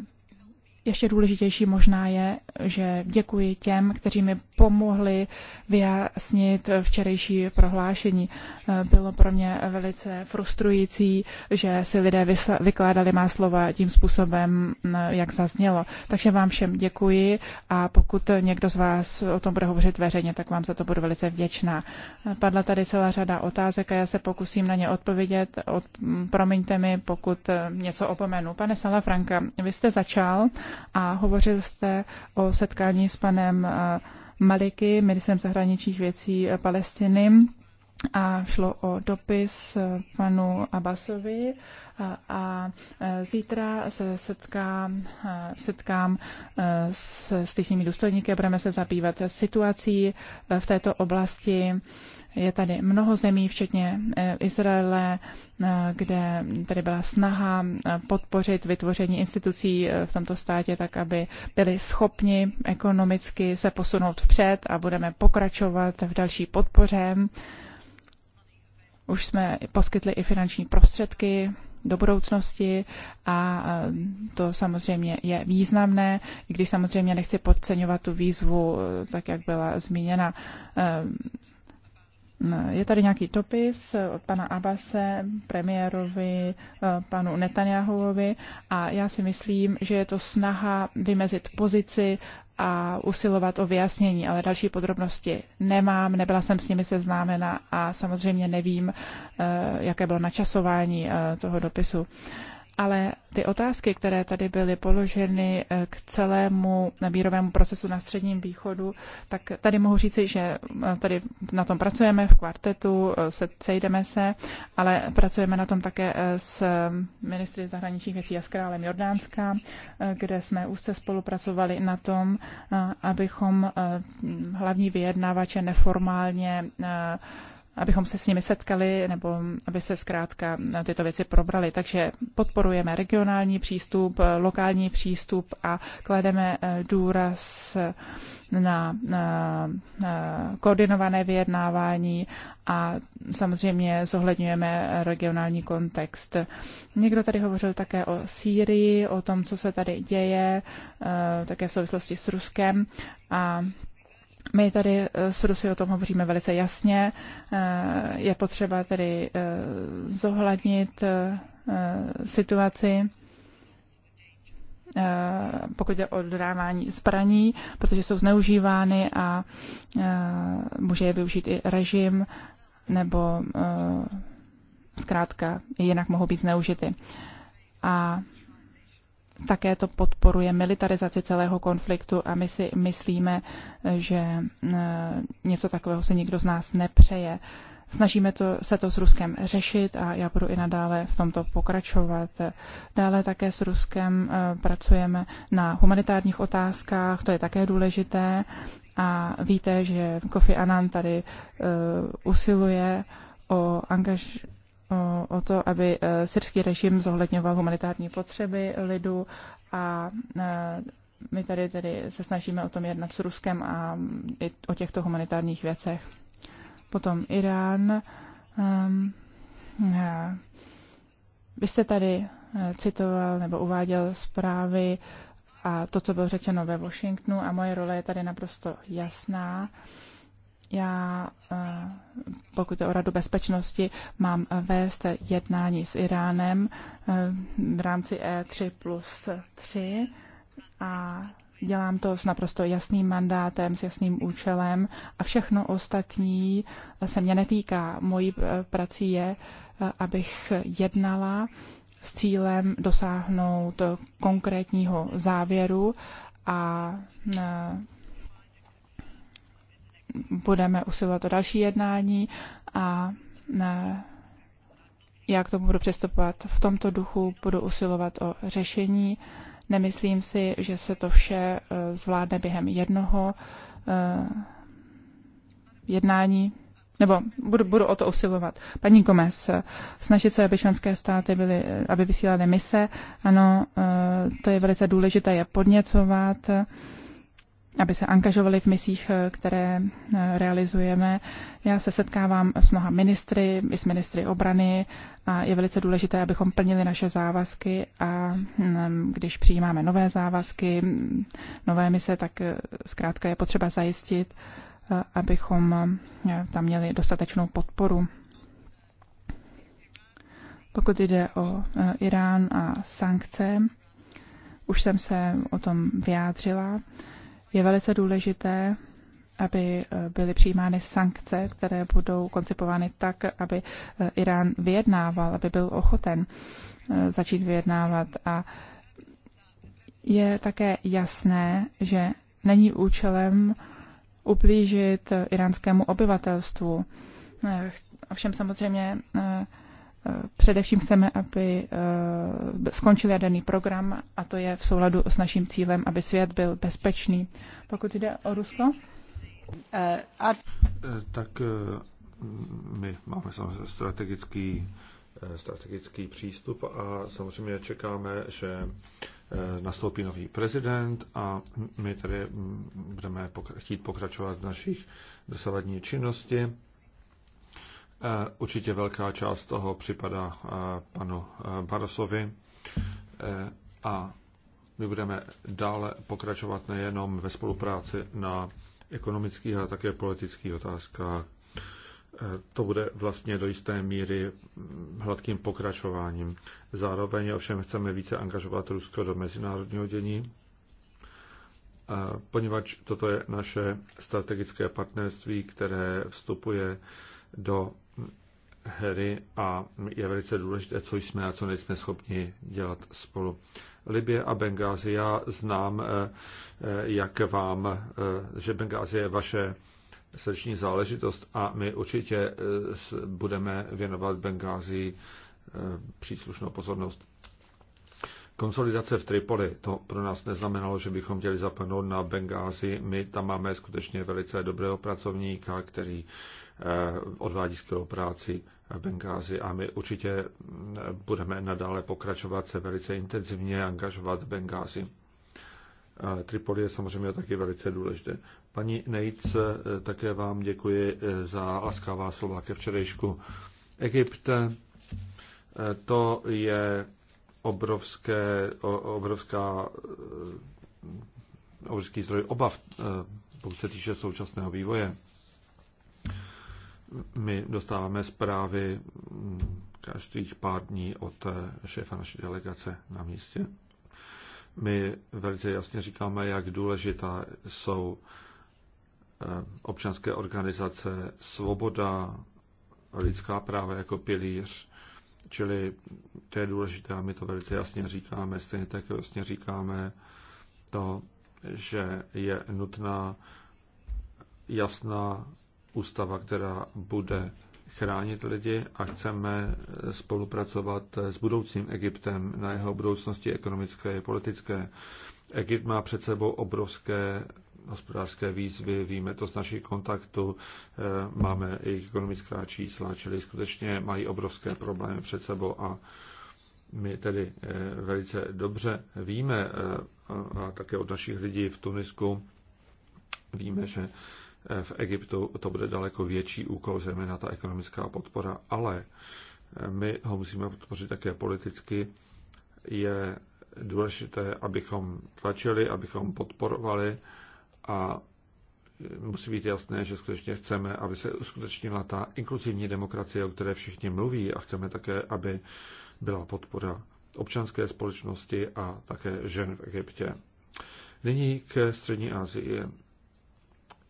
ještě důležitější možná je, že děkuji těm, kteří mi pomohli vyjasnit včerejší prohlášení. Eh, Bylo pro mě velice frustrující, že si lidé vykládali má slova tím způsobem, mm, jak zaznělo. Takže vám všem děkuji a pokud někdo z vás o tom bude hovořit veřejně, tak vám za to budu velice vděčná. Eh, padla tady celá řada otázek a já se pokusím na ně odpovědět. Od, mm, promiňte mi, pokud eh, něco opomenu. Pane Salafranka, vy jste začal a hovořil jste o setkání s panem Maliky, ministrem zahraničních věcí eh, Palestiny a šlo o dopis eh, panu Abbasovi eh, a, a zítra se setkám, setkám s těchními důstojníky a budeme se zabývat situací v této oblasti je tady mnoho zemí, včetně eh, Izraele, eh, kde tady byla snaha eh, podpořit vytvoření institucí v tomto státě tak, aby byli schopni ekonomicky se posunout vpřed a budeme pokračovat v další podpoře. Už jsme poskytli i finanční prostředky do budoucnosti a to samozřejmě je významné, i když samozřejmě nechci podceňovat tu výzvu, tak jak byla zmíněna je tady nějaký dopis od pana Abase, premiérovi, eh, panu Netanyahuovi a já si myslím, že je to snaha vymezit pozici a usilovat o vyjasnění, ale další podrobnosti nemám, nebyla jsem s nimi seznámena a samozřejmě nevím, eh, jaké bylo načasování eh, toho dopisu ale ty otázky, které tady byly položeny eh, k celému výrovému procesu na Středním východu, tak tady mohu říci, že eh, tady na tom pracujeme v kvartetu, eh, se, sejdeme se, ale pracujeme na tom také s ministry zahraničních věcí a s králem Jordánska, kde jsme úzce spolupracovali na tom, abychom hlavní vyjednávače neformálně abychom se s nimi setkali nebo aby se zkrátka tyto věci probrali. Takže podporujeme regionální přístup, lokální přístup a klademe eh, důraz na, na, na koordinované vyjednávání a samozřejmě zohledňujeme regionální kontext. Někdo tady hovořil také o Sýrii, o tom, co se tady děje, eh, také v souvislosti s Ruskem a my tady eh, s Rusy o tom hovoříme velice jasně. Eh, je potřeba tedy eh, zohlednit situaci, pokud jde o dodávání zbraní, protože jsou zneužívány a může je využít i režim nebo zkrátka jinak mohou být zneužity. A také to podporuje militarizaci celého konfliktu a my si myslíme, že e, něco takového se nikdo z nás nepřeje. Snažíme to, se to s Ruskem řešit a já budu i nadále v tomto pokračovat. Dále také s Ruskem e, pracujeme na humanitárních otázkách, to je také důležité. A víte, že Kofi Annan tady e, usiluje o angaž, o to, aby e, syrský režim zohledňoval humanitární potřeby lidu a e, my tady tedy se snažíme o tom jednat s Ruskem a i o těchto humanitárních věcech. Potom Irán. Um, vy jste tady citoval nebo uváděl zprávy a to, co bylo řečeno ve Washingtonu a moje role je tady naprosto jasná já, eh, pokud je o Radu bezpečnosti, mám eh, vést jednání s Iránem eh, v rámci E3 plus 3 a dělám to s naprosto jasným mandátem, s jasným účelem a všechno ostatní se mě netýká. Mojí prací je, abych jednala s cílem dosáhnout konkrétního závěru a budeme usilovat o další jednání a e, já k tomu budu přistupovat v tomto duchu, budu usilovat o řešení. Nemyslím si, že se to vše e, zvládne během jednoho e, jednání, nebo budu, budu o to usilovat. Paní Gomez, snažit se, aby členské státy byly, aby vysílaly mise, ano, to je velice důležité je podněcovat aby se angažovali v misích, eh, které eh, realizujeme. Já se setkávám s mnoha ministry, i s ministry obrany a je velice důležité, abychom plnili naše závazky a mm, když přijímáme nové závazky, mm, nové mise, tak eh, zkrátka je potřeba zajistit, abychom tam měli dostatečnou podporu. Pokud jde o Irán a sankce, už jsem se o tom vyjádřila. Je velice důležité, aby eh, byly přijímány sankce, které budou koncipovány tak, aby eh, Irán vyjednával, aby byl ochoten eh, začít vyjednávat. A je také jasné, že není účelem uplížit iránskému obyvatelstvu. Ovšem samozřejmě Především chceme, aby eh, skončil jaderný program a to je v souladu s naším cílem, aby svět byl bezpečný. Pokud jde o Rusko? Eh, eh, tak my máme samozřejmě strategický, strategický přístup a samozřejmě čekáme, že nastoupí nový prezident a my tedy mm, budeme chtít pokračovat v našich dosavadní činnosti Eh, určitě velká část toho připadá eh, panu eh, Barosovi a my budeme dále pokračovat nejenom ve spolupráci na ekonomických, ale také politických otázkách. To bude vlastně do jisté míry hm, hladkým pokračováním. Zároveň ovšem chceme více angažovat Rusko do mezinárodního dění, poněvadž toto je naše strategické partnerství, které vstupuje do hry a je velice důležité, co jsme a co nejsme schopni dělat spolu. Libie a Bengázi, já znám, eh, eh, jak vám, eh, že Bengázi je vaše srdeční záležitost a my určitě budeme věnovat Bengázi příslušnou pozornost. Konsolidace v Tripoli, to pro nás neznamenalo, že bychom chtěli zapomenout na Bengázi. My tam máme skutečně velice dobrého pracovníka, který Eh, odvádí skvělou práci v Bengázi a my určitě budeme nadále pokračovat se velice intenzivně angažovat v Bengázi. Tripoli je samozřejmě taky velice důležité. Paní Nejc, eh, také vám děkuji eh, za laskavá slova ke včerejšku. Egypt, to je obrovské, obrovská, obrovský zdroj obav, pokud se týče současného vývoje. My dostáváme zprávy mm, každých pár dní od eh, šéfa naší delegace na místě. My velice jasně říkáme, jak důležitá jsou eh, občanské organizace, svoboda, lidská práva jako pilíř, čili to je důležité a my to velice jasně říkáme, stejně tak jasně říkáme to, že je nutná jasná ústava, která bude chránit lidi a chceme spolupracovat s budoucím Egyptem na jeho budoucnosti ekonomické i politické. Egypt má před sebou obrovské hospodářské výzvy, víme to z našich kontaktů, eh, máme i ekonomická čísla, čili skutečně mají obrovské problémy před sebou a my tedy eh, velice dobře víme, eh, a také od našich lidí v Tunisku víme, že v Egyptu to bude daleko větší úkol, zejména ta ekonomická podpora, ale eh, my ho musíme podpořit také politicky. Je důležité, abychom tlačili, abychom podporovali a eh, musí být jasné, že skutečně chceme, aby se uskutečnila ta inkluzivní demokracie, o které všichni mluví a chceme také, aby byla podpora občanské společnosti a také žen v Egyptě. Nyní k Střední Asii.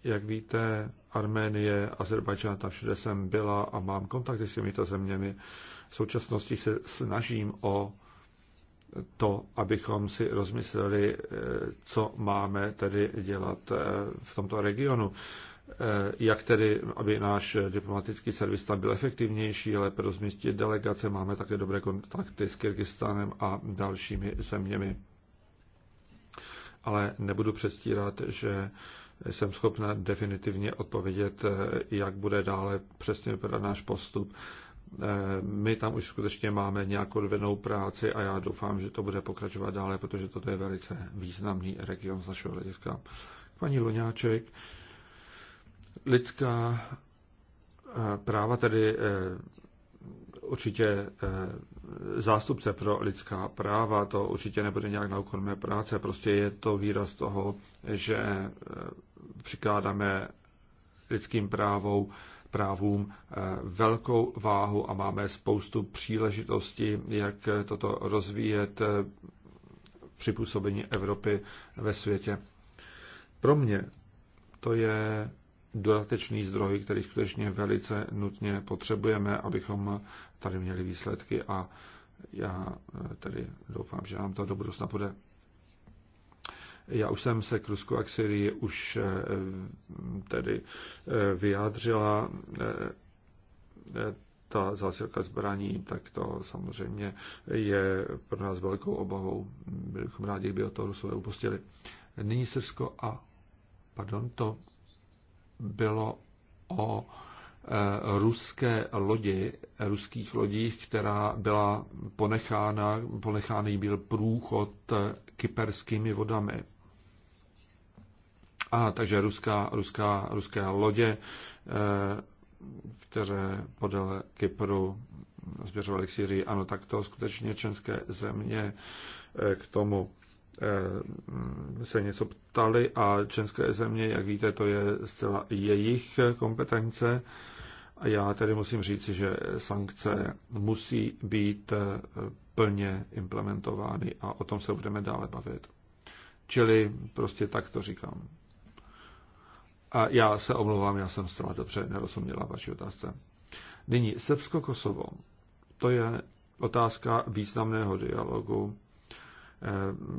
Jak víte, Arménie, Azerbajdžán, tam všude jsem byla a mám kontakty s těmito zeměmi. V současnosti se snažím o to, abychom si rozmysleli, eh, co máme tedy dělat eh, v tomto regionu. Eh, jak tedy, aby náš diplomatický servis tam byl efektivnější, lépe rozmístit delegace, máme také dobré kontakty s Kyrgyzstanem a dalšími zeměmi. Ale nebudu předstírat, že jsem schopna definitivně odpovědět, eh, jak bude dále přesně vypadat náš postup. Eh, my tam už skutečně máme nějakou odvedenou práci a já doufám, že to bude pokračovat dále, protože toto je velice významný region z našeho hlediska. Paní Luňáček, lidská eh, práva, tedy určitě zástupce pro lidská práva, to určitě nebude nějak na úkor mé práce, prostě je to výraz toho, že přikládáme lidským právou, právům eh, velkou váhu a máme spoustu příležitostí, jak toto rozvíjet eh, při působení Evropy ve světě. Pro mě to je dodatečný zdroj, který skutečně velice nutně potřebujeme, abychom tady měli výsledky a já eh, tedy doufám, že nám to do budoucna bude. Já už jsem se k Rusku a k Syrii už eh, tedy eh, vyjádřila eh, ta zásilka zbraní, tak to samozřejmě je pro nás velkou obavou. Byli bychom rádi, kdyby od toho Rusové upustili. Nyní Srbsko a, pardon, to bylo o Eh, ruské lodi, ruských lodích, která byla ponechána, ponechány byl průchod kyperskými vodami. A takže ruská, ruská, ruské lodě, eh, které podél Kypru zběřovaly k Syrii, ano, tak to skutečně české země eh, k tomu Eh, se něco ptali a české země, jak víte, to je zcela jejich kompetence. A já tedy musím říci, že sankce musí být eh, plně implementovány a o tom se budeme dále bavit. Čili prostě tak to říkám. A já se omlouvám, já jsem zcela dobře nerozuměla vaší otázce. Nyní Srbsko-Kosovo. To je otázka významného dialogu Eh,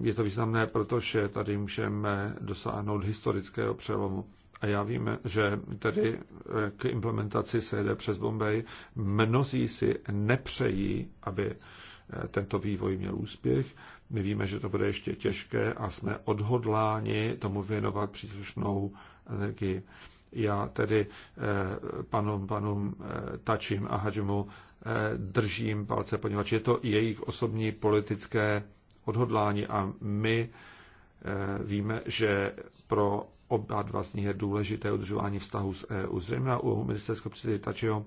je to významné, protože tady můžeme dosáhnout historického přelomu. A já vím, že tedy eh, k implementaci se jede přes Bombay. Mnozí si nepřejí, aby eh, tento vývoj měl úspěch. My víme, že to bude ještě těžké a jsme odhodláni tomu věnovat příslušnou energii. Já tedy panům, panům Tačím a Hadžimu držím palce, poněvadž je to jejich osobní politické odhodlání a my eh, víme, že pro oba dva z nich je důležité udržování vztahu s EU. Zřejmě u ministerského předsedy Tačeho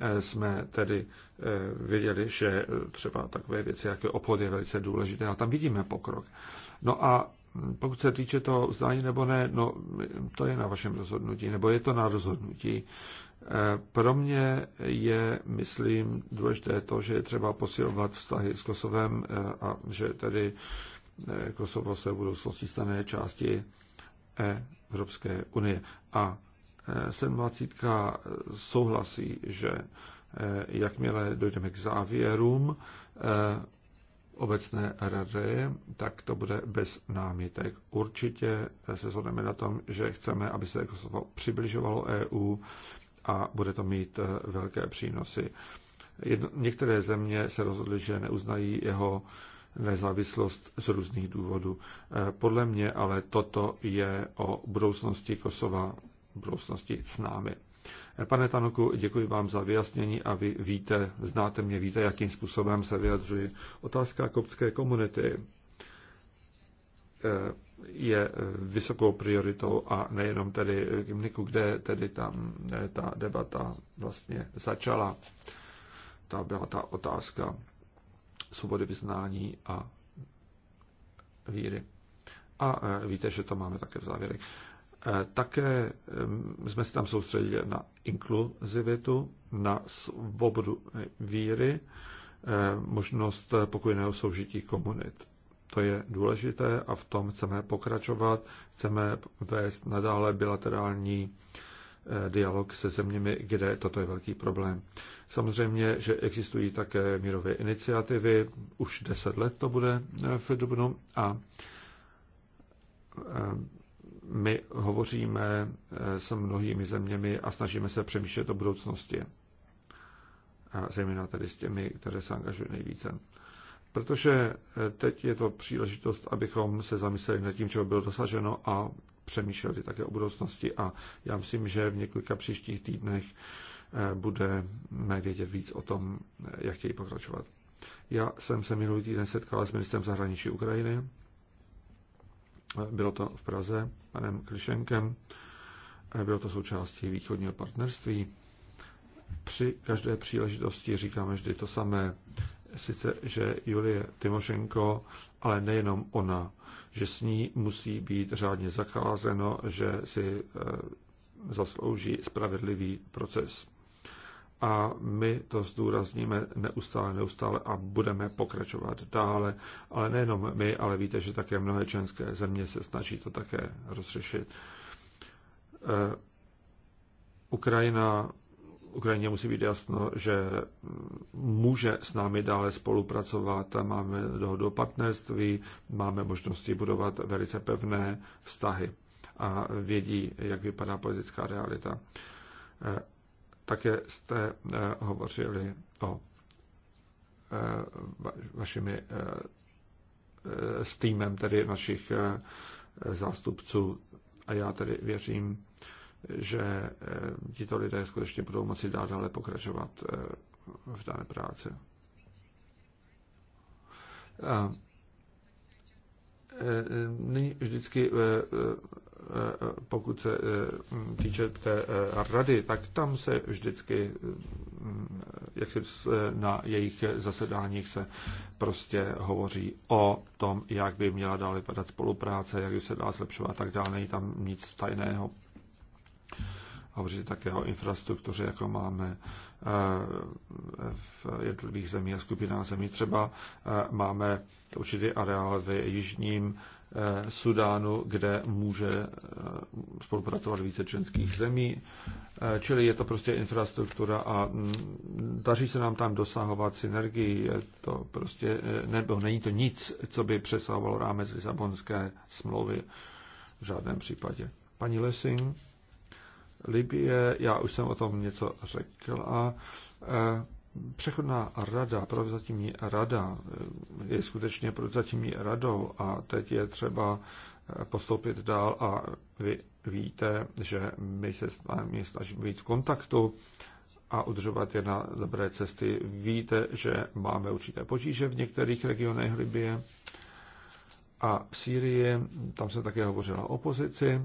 eh, jsme tedy eh, viděli, že třeba takové věci, jako obchod je velice důležité a tam vidíme pokrok. No a hm, pokud se týče toho uznání nebo ne, no to je na vašem rozhodnutí, nebo je to na rozhodnutí Eh, pro mě je, myslím, důležité to, že je třeba posilovat vztahy s Kosovem eh, a že tedy eh, Kosovo se v budoucnosti stane části Evropské unie. A 27. souhlasí, že jakmile dojdeme k závěrům obecné rady, tak to bude bez námitek. Určitě se shodneme na tom, že chceme, aby se Kosovo přibližovalo EU, a bude to mít eh, velké přínosy. Jedno, některé země se rozhodly, že neuznají jeho nezávislost z různých důvodů. Eh, podle mě ale toto je o budoucnosti Kosova, budoucnosti s námi. Eh, pane Tanoku, děkuji vám za vyjasnění a vy víte, znáte mě, víte, jakým způsobem se vyjadřuji. Otázka koptské komunity je eh, vysokou prioritou a nejenom tedy Gimniku, eh, kde tedy tam eh, ta debata vlastně začala. Ta byla ta otázka svobody vyznání a víry. A víte, že to máme také v závěrech. Také jsme se tam soustředili na inkluzivitu, na svobodu víry, možnost pokojného soužití komunit. To je důležité a v tom chceme pokračovat. Chceme vést nadále bilaterální eh, dialog se zeměmi, kde toto je velký problém. Samozřejmě, že existují také mírové iniciativy, už deset let to bude eh, v Dubnu a eh, my hovoříme s mnohými zeměmi a snažíme se přemýšlet o budoucnosti. A zejména tady s těmi, které se angažují nejvíce protože eh, teď je to příležitost, abychom se zamysleli nad tím, čeho bylo dosaženo a přemýšleli také o budoucnosti a já myslím, že v několika příštích týdnech eh, bude vědět víc o tom, eh, jak chtějí pokračovat. Já jsem se minulý týden setkal s ministrem zahraničí Ukrajiny. Bylo to v Praze, panem Klišenkem. Bylo to součástí východního partnerství. Při každé příležitosti říkáme vždy to samé sice, že Julie Timošenko, ale nejenom ona, že s ní musí být řádně zacházeno, že si eh, zaslouží spravedlivý proces. A my to zdůrazníme neustále, neustále a budeme pokračovat dále. Ale nejenom my, ale víte, že také mnohé členské země se snaží to také rozřešit. Eh, Ukrajina Ukrajině musí být jasno, že může s námi dále spolupracovat. Máme dohodu o partnerství, máme možnosti budovat velice pevné vztahy a vědí, jak vypadá politická realita. Eh, také jste eh, hovořili o eh, vašimi s týmem tedy našich zástupců a já tedy věřím, že eh, tito lidé skutečně budou moci dál dále pokračovat eh, v dané práci. A eh, nyní vždycky, pokud se týče té rady, tak tam se vždycky, jak se na jejich zasedáních se prostě hovoří o tom, jak by měla dále vypadat spolupráce, jak by se dá zlepšovat a tak dále. Není tam nic tajného. Hovoří také o infrastruktuře, jako máme eh, v jednotlivých zemích a skupinách zemí. Třeba eh, máme určitý areál v jižním eh, Sudánu, kde může spolupracovat více členských zemí. Čili je to prostě infrastruktura a mm, daří se nám tam dosahovat synergii. Je to prostě, nebo není to nic, co by přesahovalo rámec Lisabonské smlouvy v žádném případě. Paní Lesing? Libie, já už jsem o tom něco řekl a e, přechodná rada, prozatímní rada, e, je skutečně prozatímní radou a teď je třeba e, postoupit dál a vy víte, že my se s vámi snažíme být v kontaktu a udržovat je na dobré cesty. Víte, že máme určité potíže v některých regionech Libie a v Sýrii, tam se také hovořila o opozici,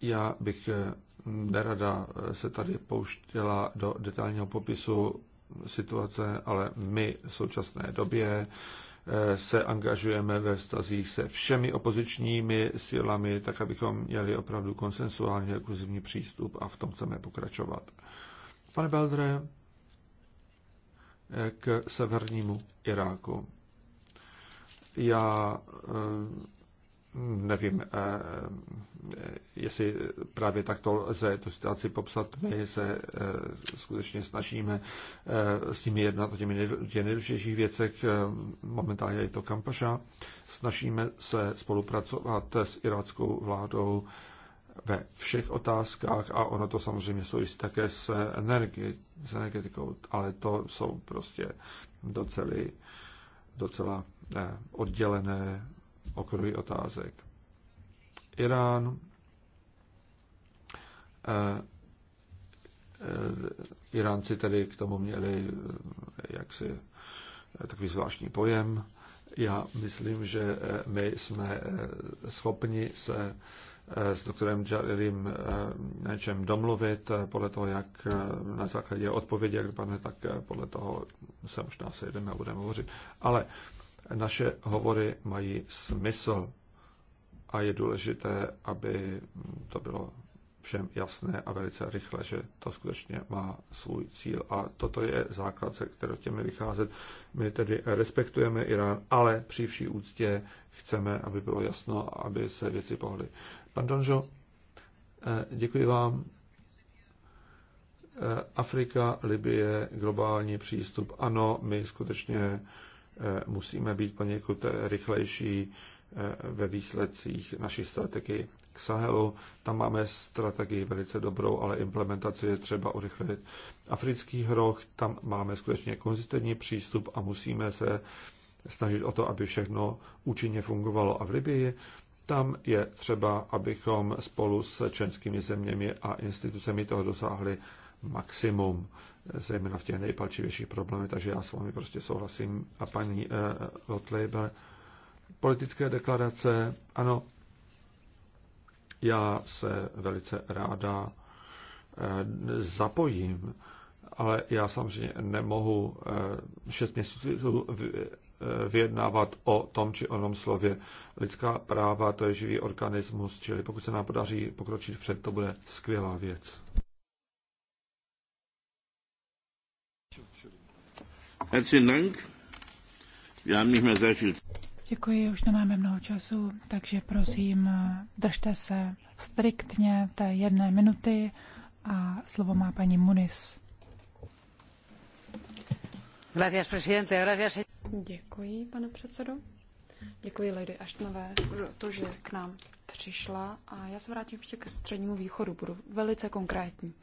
já bych eh, nerada eh, se tady pouštěla do detailního popisu situace, ale my v současné době eh, se angažujeme ve vztazích se všemi opozičními silami, tak abychom měli opravdu konsensuálně inkluzivní přístup a v tom chceme pokračovat. Pane Beldre, k severnímu Iráku. Já nevím, eh, eh, jestli právě takto lze tu situaci popsat. My se eh, skutečně snažíme s nimi jednat o těmi nejdůležitějších věcech. Momentálně je to Kampaša. Snažíme se spolupracovat s iráckou vládou ve všech otázkách a ono to samozřejmě souvisí také s, energi- s energetikou, ale to jsou prostě docela, docela oddělené okruhy otázek. Irán, eh, eh, Iránci tedy k tomu měli eh, jaksi takový zvláštní pojem. Já myslím, že my jsme schopni se s doktorem Jalilim něčem domluvit podle toho, jak na základě odpovědi, jak dopadne, tak podle toho se možná sejdeme a budeme hovořit. Ale naše hovory mají smysl a je důležité, aby to bylo všem jasné a velice rychle, že to skutečně má svůj cíl. A toto je základ, se kterého těmi vycházet. My tedy respektujeme Irán, ale při vší úctě chceme, aby bylo jasno, aby se věci pohly. Pan Donžo, eh, děkuji vám. Eh, Afrika, Libie, globální přístup. Ano, my skutečně Eh, musíme být poněkud rychlejší eh, ve výsledcích naší strategii k Sahelu. Tam máme strategii velice dobrou, ale implementaci je třeba urychlit. Africký hroch, tam máme skutečně konzistentní přístup a musíme se snažit o to, aby všechno účinně fungovalo. A v Libii tam je třeba, abychom spolu s členskými zeměmi a institucemi toho dosáhli maximum, eh, zejména v těch nejpalčivějších problémech, takže já s vámi prostě souhlasím. A paní Gottleiber, eh, politické deklarace, ano, já se velice ráda eh, zapojím, ale já samozřejmě nemohu šest měsíců vyjednávat o tom či onom slově. Lidská práva, to je živý organismus, čili pokud se nám podaří pokročit před, to bude skvělá věc. Děkuji, už nemáme mnoho času, takže prosím, držte se striktně té jedné minuty a slovo má paní Munis. Děkuji, pane předsedo. Děkuji Lady Aštnové za to, že k nám přišla a já se vrátím ještě ke střednímu východu. Budu velice konkrétní. Uh,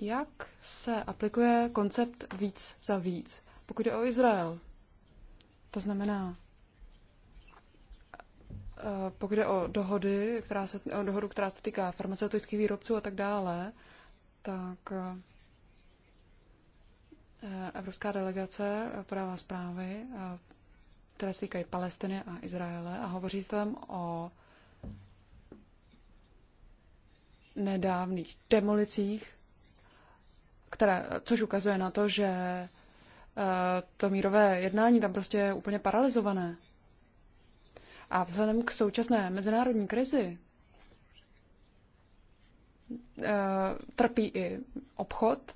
jak se aplikuje koncept víc za víc, pokud je o Izrael? To znamená, eh, pokud je o dohody, která se, o dohodu, která se týká farmaceutických výrobců a tak dále, tak eh, Evropská delegace podává zprávy, eh, které se týkají Palestiny a Izraele a hovoří se tam o nedávných demolicích které, což ukazuje na to, že eh, to mírové jednání tam prostě je úplně paralizované. A vzhledem k současné mezinárodní krizi eh, trpí i obchod.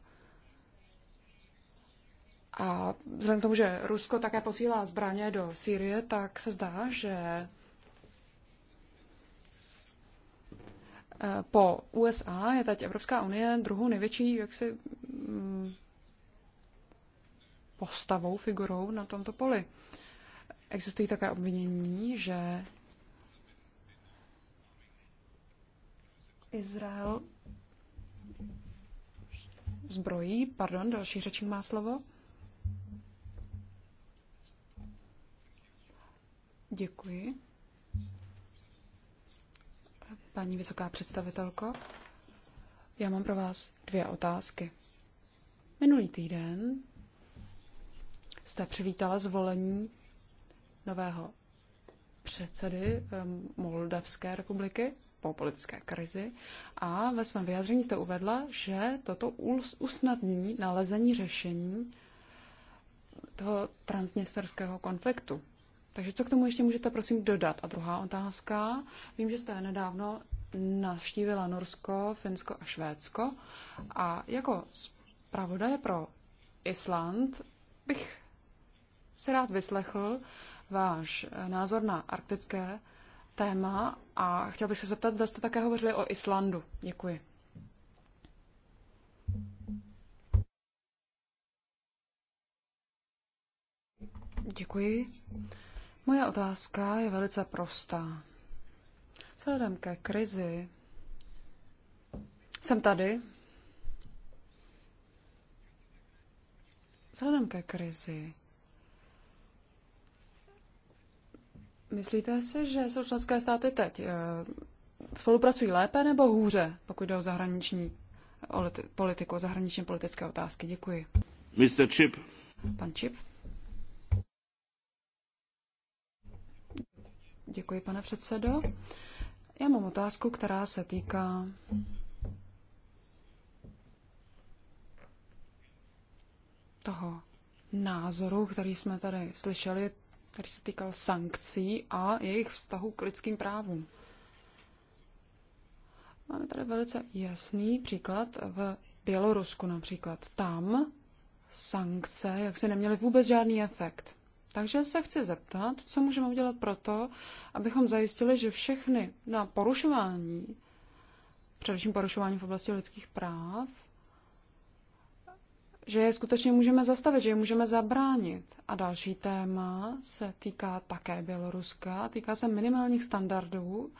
A vzhledem k tomu, že Rusko také posílá zbraně do Sýrie, tak se zdá, že Eh, po USA je teď Evropská unie druhou největší jaksi mm, postavou, figurou na tomto poli. Existují také obvinění, že Izrael zbrojí, pardon, další řečník má slovo. Děkuji. Paní vysoká představitelko, já mám pro vás dvě otázky. Minulý týden jste přivítala zvolení nového předsedy ehm, Moldavské republiky po politické krizi a ve svém vyjádření jste uvedla, že toto usnadní nalezení řešení toho transněsterského konfliktu. Takže co k tomu ještě můžete prosím dodat? A druhá otázka. Vím, že jste nedávno navštívila Norsko, Finsko a Švédsko a jako zpravodaje pro Island bych si rád vyslechl váš názor na arktické téma a chtěl bych se zeptat, zda jste také hovořili o Islandu. Děkuji. Děkuji. Moje otázka je velice prostá. Vzhledem ke krizi jsem tady. Vzhledem ke krizi Myslíte si, že jsou členské státy teď eh, spolupracují lépe nebo hůře, pokud jde o zahraniční politiku, zahraniční politické otázky? Děkuji. Mr. Chip. Pan Chip. Děkuji, pane předsedo. Já mám otázku, která se týká toho názoru, který jsme tady slyšeli, který se týkal sankcí a jejich vztahu k lidským právům. Máme tady velice jasný příklad v Bělorusku například. Tam sankce, jak se neměly vůbec žádný efekt. Takže se chci zeptat, co můžeme udělat pro to, abychom zajistili, že všechny na porušování, především porušování v oblasti lidských práv, že je skutečně můžeme zastavit, že je můžeme zabránit. A další téma se týká také Běloruska, týká se minimálních standardů,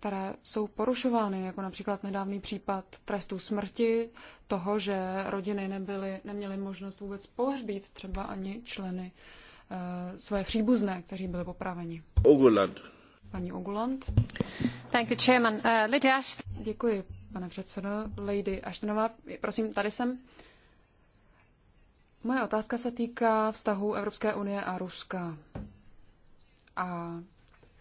které jsou porušovány, jako například nedávný případ trestu smrti, toho, že rodiny nebyly, neměly možnost vůbec pohřbít třeba ani členy uh, svoje příbuzné, kteří byli popraveni. Oguland. Paní Oguland. Thank you, Chairman. Uh, Lady Ashton. Děkuji, pane předsedo. Lady Ashtonová, prosím, tady jsem. Moje otázka se týká vztahu Evropské unie a Ruska. A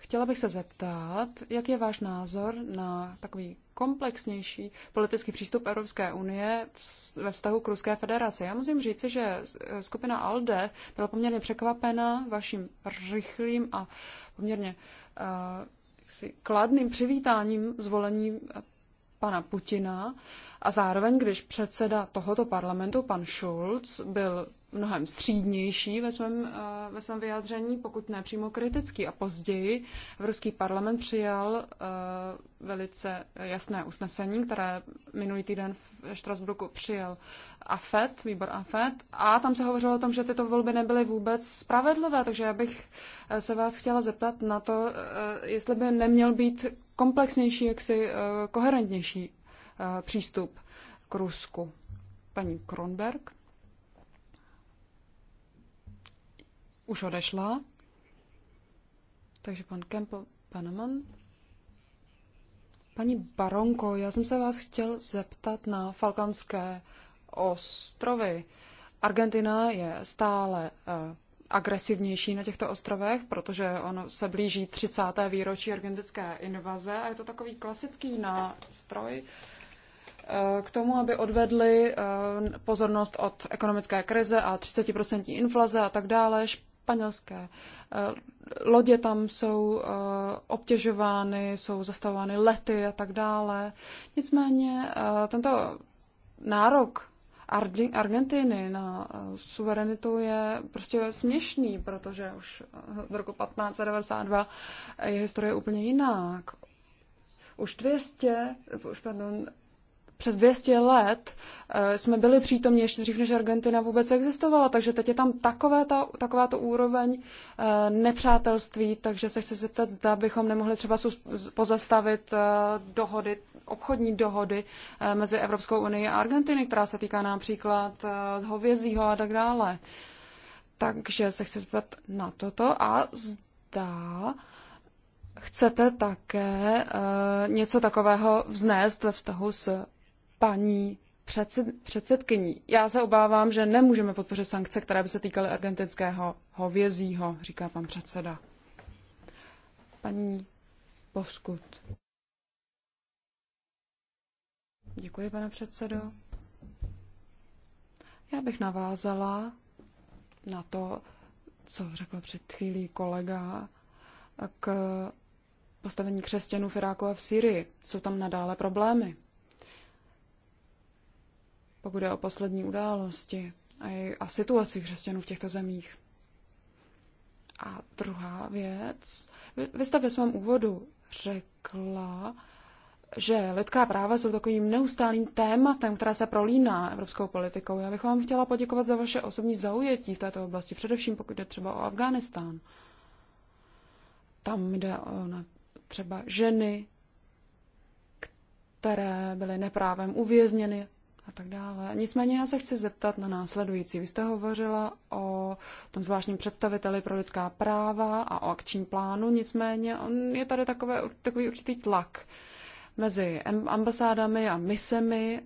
Chtěla bych se zeptat, jak je váš názor na takový komplexnější politický přístup Evropské unie ve vztahu k Ruské federaci. Já musím říci, že skupina ALDE byla poměrně překvapena vaším rychlým a poměrně uh, kladným přivítáním zvolení eh, pana Putina. A zároveň, když předseda tohoto parlamentu, pan Schulz, byl mnohem střídnější ve svém, eh, ve svém vyjádření, pokud ne přímo kritický. A později Evropský parlament přijal eh, velice jasné usnesení, které minulý týden v Štrasburku přijal AFET, výbor AFET, a tam se hovořilo o tom, že tyto volby nebyly vůbec spravedlivé, takže já bych eh, se vás chtěla zeptat na to, jestli by neměl být komplexnější, jaksi koherentnější přístup k Rusku. Paní Kronberg. už odešla. Takže pan Campbell, Mann. Paní Baronko, já jsem se vás chtěl zeptat na Falkanské ostrovy. Argentina je stále eh, agresivnější na těchto ostrovech, protože ono se blíží 30. výročí argentinské invaze a je to takový klasický nástroj eh, k tomu, aby odvedli eh, pozornost od ekonomické krize a 30% inflaze a tak dále španělské eh, lodě tam jsou eh, obtěžovány, jsou zastavovány lety a tak dále. Nicméně eh, tento nárok Argentiny na suverenitu je prostě směšný, protože už z roku 1592 je historie úplně jinak. Už 200, už pardon, přes 200 let eh, jsme byli přítomní ještě dřív, než Argentina vůbec existovala, takže teď je tam takové ta, taková to úroveň eh, nepřátelství, takže se chci zeptat, zda bychom nemohli třeba pozastavit eh, dohody, obchodní dohody mezi Evropskou unii a Argentiny, která se týká například hovězího a tak dále. Takže se chci zeptat na toto a zda chcete také něco takového vznést ve vztahu s paní předsedkyní. Já se obávám, že nemůžeme podpořit sankce, které by se týkaly argentinského hovězího, říká pan předseda. Paní Povskut. Děkuji, pane předsedo. Já bych navázala na to, co řekl před chvílí kolega, k postavení křesťanů v Iráku a v Syrii. Jsou tam nadále problémy pokud je o poslední události a, a situaci křesťanů v těchto zemích. A druhá věc, vy, vy jste ve svém úvodu řekla, že lidská práva jsou takovým neustálým tématem, která se prolíná evropskou politikou. Já bych vám chtěla poděkovat za vaše osobní zaujetí v této oblasti, především pokud jde třeba o Afghánistán. Tam jde o na, třeba ženy, které byly neprávem uvězněny a tak dále. Nicméně já se chci zeptat na následující. Vy jste hovořila o tom zvláštním představiteli pro lidská práva a o akčním plánu, nicméně on je tady takové, takový určitý tlak mezi ambasádami a misemi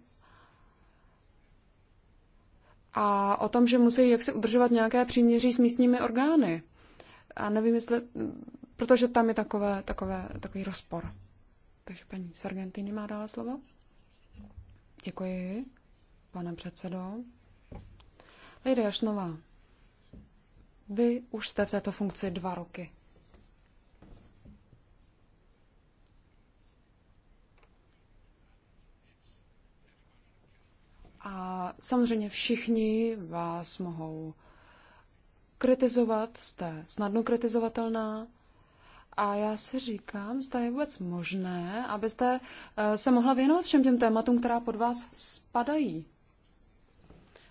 a o tom, že musí jaksi udržovat nějaké příměří s místními orgány. A nevím, jestli, protože tam je takové, takové, takový rozpor. Takže paní Sargentini má dále slovo. Děkuji, pane předsedo. Lady Jašnová, vy už jste v této funkci dva roky. A samozřejmě všichni vás mohou kritizovat, jste snadno kritizovatelná, a já si říkám, zda je vůbec možné, abyste eh, se mohla věnovat všem těm tématům, která pod vás spadají.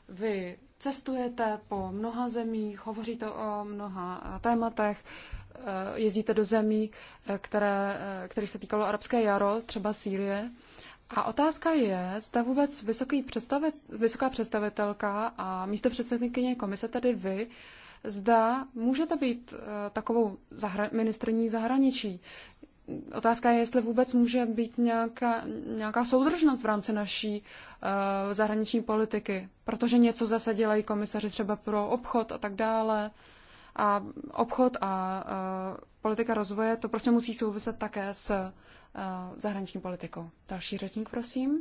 Vy cestujete po mnoha zemích, hovoříte o mnoha eh, tématech, eh, jezdíte do zemí, které, které se týkalo arabské jaro, třeba Sýrie. A otázka je, zda vůbec vysoký představit, vysoká představitelka a místo předsedkyně komise, tedy vy, zda můžete být eh, takovou zahra- ministrní zahraničí. Otázka je, jestli vůbec může být nějaká, nějaká soudržnost v rámci naší uh, zahraniční politiky, protože něco zase dělají komisaři třeba pro obchod a tak dále. A obchod a uh, politika rozvoje, to prostě musí souviset také s uh, zahraniční politikou. Další řečník, prosím.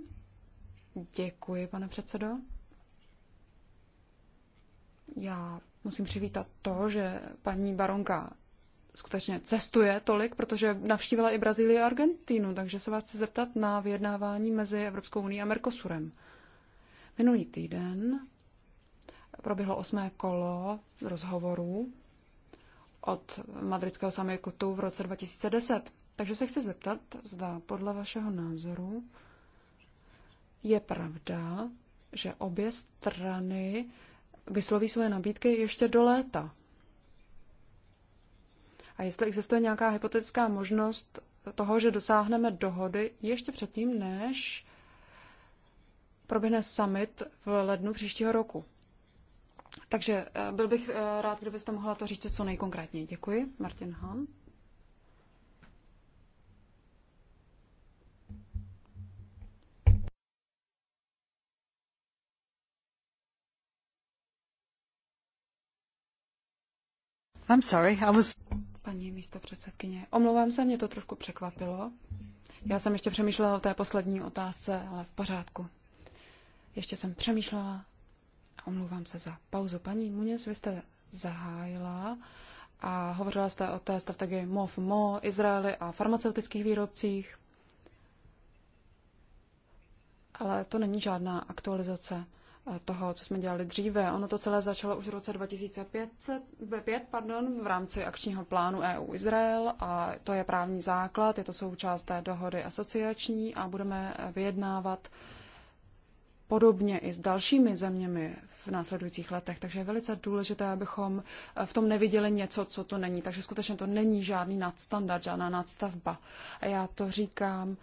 Děkuji, pane předsedo. Já musím přivítat to, že paní baronka skutečně cestuje tolik, protože navštívila i Brazílii a Argentínu, takže se vás chci zeptat na vyjednávání mezi Evropskou unii a Mercosurem. Minulý týden proběhlo osmé kolo rozhovorů od madridského samikotu v roce 2010. Takže se chci zeptat, zda podle vašeho názoru je pravda, že obě strany vysloví svoje nabídky ještě do léta. A jestli existuje nějaká hypotetická možnost toho, že dosáhneme dohody ještě předtím, než proběhne summit v lednu příštího roku. Takže eh, byl bych eh, rád, kdybyste mohla to říct co nejkonkrétněji. Děkuji. Martin Hahn. I'm sorry, I was... Paní místo předsedkyně, omlouvám se, mě to trošku překvapilo. Já jsem ještě přemýšlela o té poslední otázce, ale v pořádku. Ještě jsem přemýšlela a omlouvám se za pauzu. Paní Muněs, vy jste zahájila a hovořila jste o té strategii MoF MO, Izraeli a farmaceutických výrobcích. Ale to není žádná aktualizace toho, co jsme dělali dříve. Ono to celé začalo už v roce 2005 pardon, v rámci akčního plánu EU Izrael a to je právní základ, je to součást té dohody asociační a budeme vyjednávat podobně i s dalšími zeměmi v následujících letech. Takže je velice důležité, abychom v tom neviděli něco, co to není. Takže skutečně to není žádný nadstandard, žádná nadstavba. A já to říkám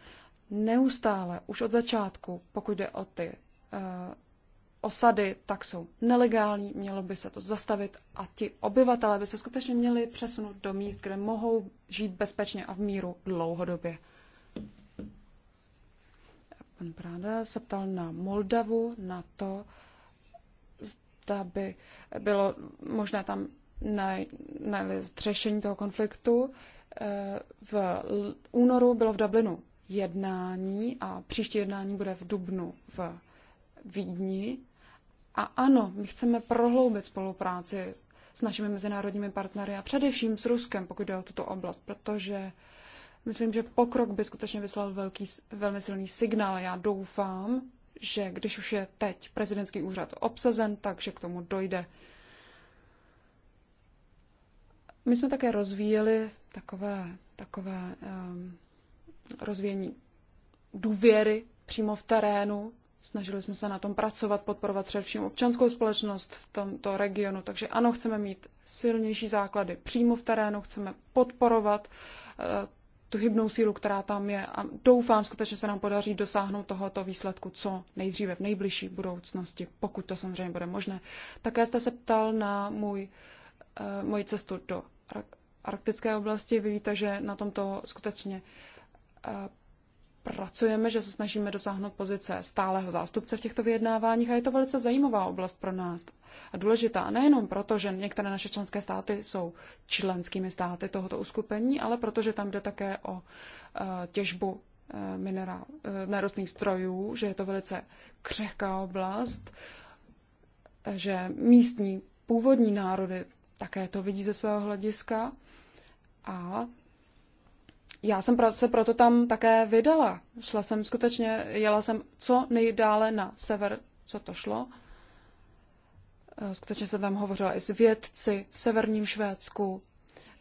neustále, už od začátku, pokud jde o ty eh, osady tak jsou nelegální, mělo by se to zastavit a ti obyvatelé by se skutečně měli přesunout do míst, kde mohou žít bezpečně a v míru dlouhodobě. Pan Práda se ptal na Moldavu, na to, zda by bylo možné tam najít řešení toho konfliktu. Eh, v únoru bylo v Dublinu jednání a příští jednání bude v Dubnu v Vídni. A ano, my chceme prohloubit spolupráci s našimi mezinárodními partnery a především s Ruskem, pokud jde o tuto oblast, protože myslím, že pokrok by skutečně vyslal velký, velmi silný signál. Já doufám, že když už je teď prezidentský úřad obsazen, takže k tomu dojde. My jsme také rozvíjeli takové, takové um, rozvíjení důvěry přímo v terénu Snažili jsme se na tom pracovat, podporovat především občanskou společnost v tomto regionu. Takže ano, chceme mít silnější základy přímo v terénu, chceme podporovat eh, tu hybnou sílu, která tam je a doufám, skutečně se nám podaří dosáhnout tohoto výsledku co nejdříve v nejbližší budoucnosti, pokud to samozřejmě bude možné. Také jste se ptal na můj, uh, moji cestu do arktické oblasti. Vy víte, že na tomto skutečně uh, pracujeme, že se snažíme dosáhnout pozice stáleho zástupce v těchto vyjednáváních a je to velice zajímavá oblast pro nás a důležitá. Nejenom proto, že některé naše členské státy jsou členskými státy tohoto uskupení, ale protože tam jde také o eh, těžbu eh, minerál, eh, nerostných strojů, že je to velice křehká oblast, že místní původní národy také to vidí ze svého hlediska a já jsem se proto tam také vydala. Šla jsem skutečně, jela jsem co nejdále na sever, co to šlo. Eh, skutečně jsem tam hovořila i s vědci v severním Švédsku.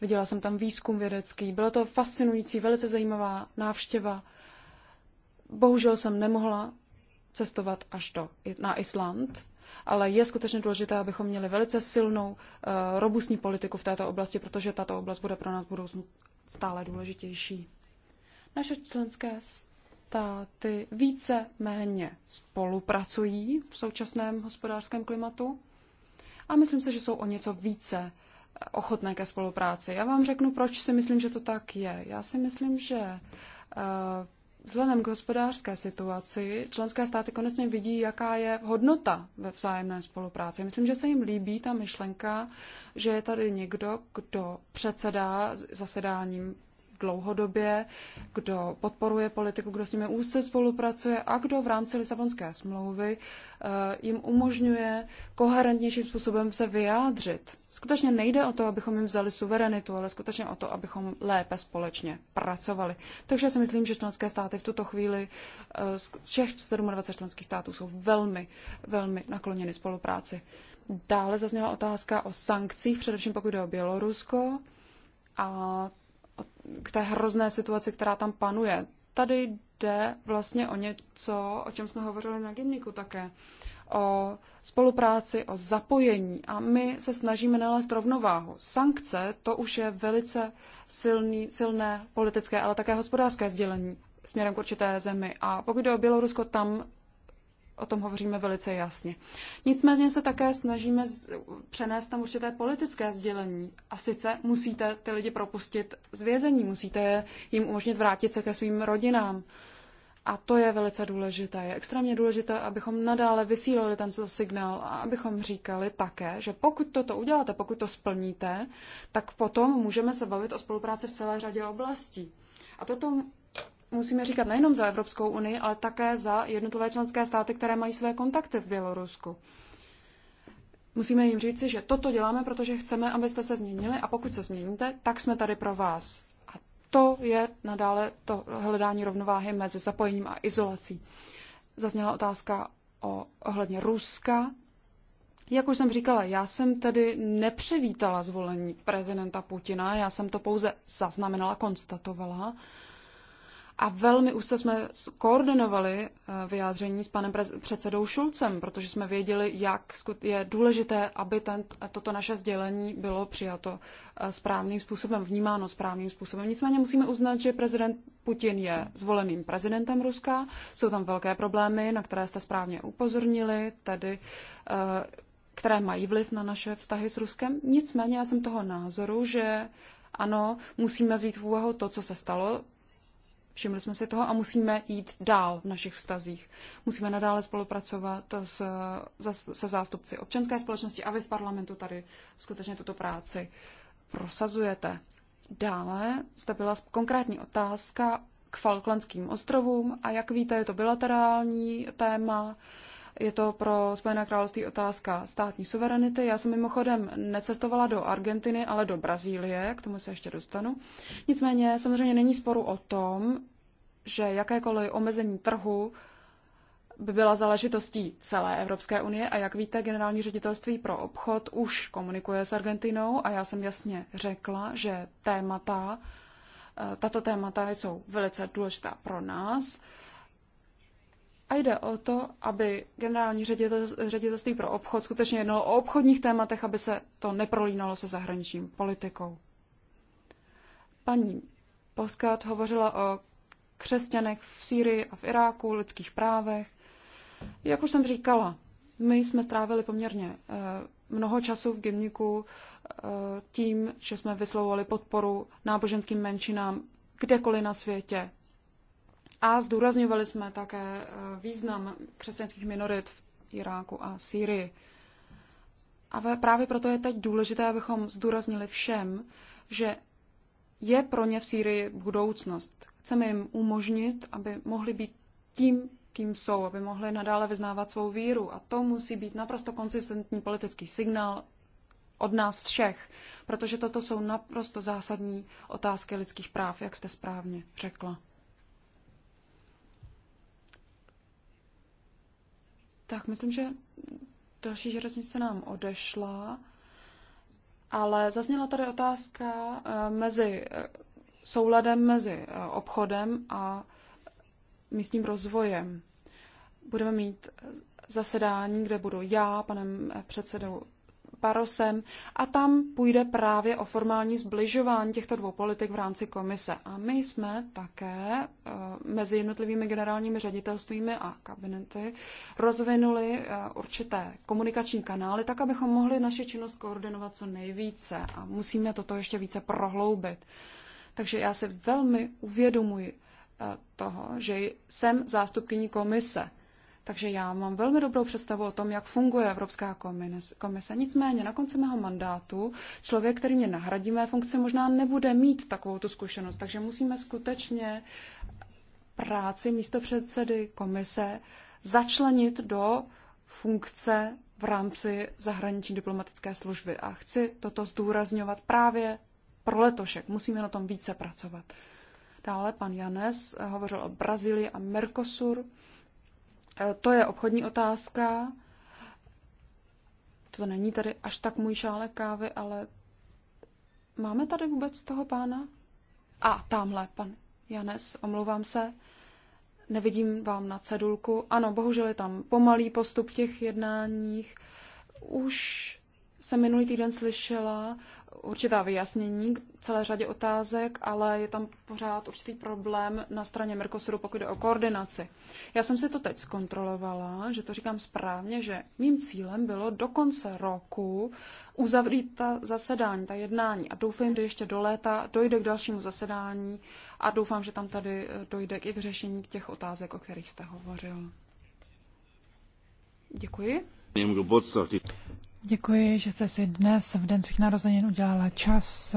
Viděla jsem tam výzkum vědecký. Bylo to fascinující, velice zajímavá návštěva. Bohužel jsem nemohla cestovat až do, na Island, ale je skutečně důležité, abychom měli velice silnou, eh, robustní politiku v této oblasti, protože tato oblast bude pro nás budoucnu stále důležitější. Naše členské státy více méně spolupracují v současném hospodářském klimatu a myslím se, že jsou o něco více ochotné ke spolupráci. Já vám řeknu, proč si myslím, že to tak je. Já si myslím, že eh, Vzhledem k hospodářské situaci členské státy konečně vidí, jaká je hodnota ve vzájemné spolupráci. Myslím, že se jim líbí ta myšlenka, že je tady někdo, kdo předsedá zasedáním dlouhodobě, kdo podporuje politiku, kdo s nimi úzce spolupracuje a kdo v rámci Lisabonské smlouvy eh, jim umožňuje koherentnějším způsobem se vyjádřit. Skutečně nejde o to, abychom jim vzali suverenitu, ale skutečně o to, abychom lépe společně pracovali. Takže si myslím, že členské státy v tuto chvíli eh, z všech 27 členských států jsou velmi, velmi nakloněny spolupráci. Dále zazněla otázka o sankcích, především pokud jde o Bělorusko. A k té hrozné situaci, která tam panuje. Tady jde vlastně o něco, o čem jsme hovořili na Gimniku také, o spolupráci, o zapojení a my se snažíme nalézt rovnováhu. Sankce to už je velice silný, silné politické, ale také hospodářské sdělení směrem k určité zemi. A pokud jde o Bělorusko, tam o tom hovoříme velice jasně. Nicméně se také snažíme přenést tam určité politické sdělení. A sice musíte ty lidi propustit z vězení, musíte jim umožnit vrátit se ke svým rodinám. A to je velice důležité. Je extrémně důležité, abychom nadále vysílali tento signál a abychom říkali také, že pokud toto uděláte, pokud to splníte, tak potom můžeme se bavit o spolupráci v celé řadě oblastí. A toto musíme říkat nejenom za Evropskou unii, ale také za jednotlivé členské státy, které mají své kontakty v Bělorusku. Musíme jim říci, že toto děláme, protože chceme, abyste se změnili a pokud se změníte, tak jsme tady pro vás. A to je nadále to hledání rovnováhy mezi zapojením a izolací. Zazněla otázka o, ohledně Ruska. Jak už jsem říkala, já jsem tedy nepřevítala zvolení prezidenta Putina, já jsem to pouze zaznamenala, konstatovala. Uh, a velmi úzce jsme koordinovali eh, vyjádření s panem předsedou Šulcem, protože jsme věděli, jak je důležité, aby ten, toto naše sdělení bylo přijato eh, správným způsobem, vnímáno správným způsobem. Nicméně musíme uznat, že prezident Putin je zvoleným prezidentem Ruska, jsou tam velké problémy, na které jste správně upozornili, tedy eh, které mají vliv na naše vztahy s Ruskem. Nicméně já jsem toho názoru, že ano, musíme vzít v úvahu to, co se stalo Všimli jsme si toho a musíme jít dál v našich vztazích. Musíme nadále spolupracovat s, se zástupci občanské společnosti a vy v parlamentu tady skutečně tuto práci prosazujete. Dále zde byla konkrétní otázka k Falklandským ostrovům a jak víte, je to bilaterální téma. Uh, je to pro Spojené království otázka státní suverenity. Já jsem mimochodem necestovala do Argentiny, ale do Brazílie, k tomu se ještě dostanu. Nicméně samozřejmě není sporu o tom, že jakékoliv omezení trhu by byla záležitostí celé Evropské unie a jak víte, generální ředitelství pro obchod už komunikuje s Argentinou a já jsem jasně řekla, že témata, eh, tato témata jsou velice důležitá pro nás. A jde o to, aby generální ředitel, ředitelství pro obchod skutečně jednalo o obchodních tématech, aby se to neprolínalo se zahraničním politikou. Paní Poskat hovořila o křesťanech v Sýrii a v Iráku, lidských právech. Jak už jsem říkala, my jsme strávili poměrně eh, mnoho času v Gimniku eh, tím, že jsme vyslovovali podporu náboženským menšinám kdekoliv na světě, a zdůrazňovali jsme také eh, význam křesťanských minorit v Iráku a Sýrii. A právě proto je teď důležité, abychom zdůraznili všem, že je pro ně v Sýrii budoucnost. Chceme jim umožnit, aby mohli být tím, kým jsou, aby mohli nadále vyznávat svou víru. A to musí být naprosto konsistentní politický signál od nás všech, protože toto jsou naprosto zásadní otázky lidských práv, jak jste správně řekla. Tak myslím, že další železnice nám odešla, ale zazněla tady otázka eh, mezi eh, souladem mezi eh, obchodem a místním rozvojem. Budeme mít zasedání, kde budu já, panem předsedou Parosem a tam půjde právě o formální zbližování těchto dvou politik v rámci komise. A my jsme také eh, mezi jednotlivými generálními ředitelstvími a kabinety rozvinuli eh, určité komunikační kanály, tak abychom mohli naši činnost koordinovat co nejvíce a musíme toto ještě více prohloubit. Takže já si velmi uvědomuji eh, toho, že jsem zástupkyní komise takže já mám velmi dobrou představu o tom, jak funguje Evropská komise. Nicméně na konci mého mandátu člověk, který mě nahradí mé funkci, možná nebude mít takovou tu zkušenost. Takže musíme skutečně práci místo předsedy komise začlenit do funkce v rámci zahraniční diplomatické služby. A chci toto zdůrazňovat právě pro letošek. Musíme na tom více pracovat. Dále pan Janes hovořil o Brazílii a Mercosur. Eh, to je obchodní otázka. To není tady až tak můj šálek kávy, ale máme tady vůbec toho pána? A tamhle, pan Janes, omlouvám se. Nevidím vám na cedulku. Ano, bohužel je tam pomalý postup v těch jednáních. Už jsem minulý týden slyšela určitá vyjasnění k celé řadě otázek, ale je tam pořád určitý problém na straně Mercosuru, pokud jde o koordinaci. Já jsem si to teď zkontrolovala, že to říkám správně, že mým cílem bylo do konce roku uzavřít ta zasedání, ta jednání a doufám, že ještě do léta dojde k dalšímu zasedání a doufám, že tam tady eh, dojde k i k řešení těch otázek, o kterých jste hovořil. Děkuji. Děkuji, že jste si dnes v den svých narozenin udělala čas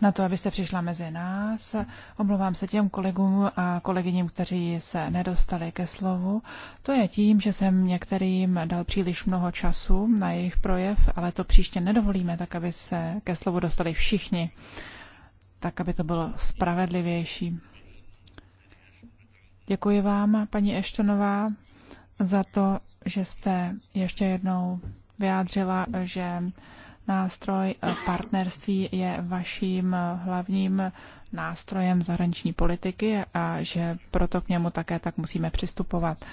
na to, abyste přišla mezi nás. Omlouvám se těm kolegům a kolegyním, kteří se nedostali ke slovu. To je tím, že jsem některým dal příliš mnoho času na jejich projev, ale to příště nedovolíme, tak aby se ke slovu dostali všichni, tak aby to bylo spravedlivější. Děkuji vám, paní Eštonová, za to, že jste ještě jednou vyjádřila, že nástroj partnerství je vaším hlavním nástrojem zahraniční politiky a že proto k němu také tak musíme přistupovat.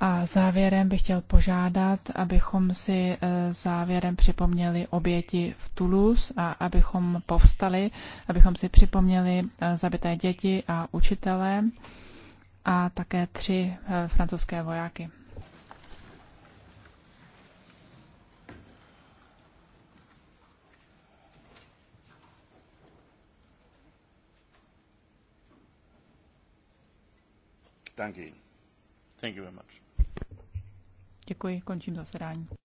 A závěrem bych chtěl požádat, abychom si e, závěrem připomněli oběti v Toulouse a abychom povstali, abychom si připomněli e, zabité děti a učitele a také tři e, francouzské vojáky. Danke Děkuji, končím zasedání.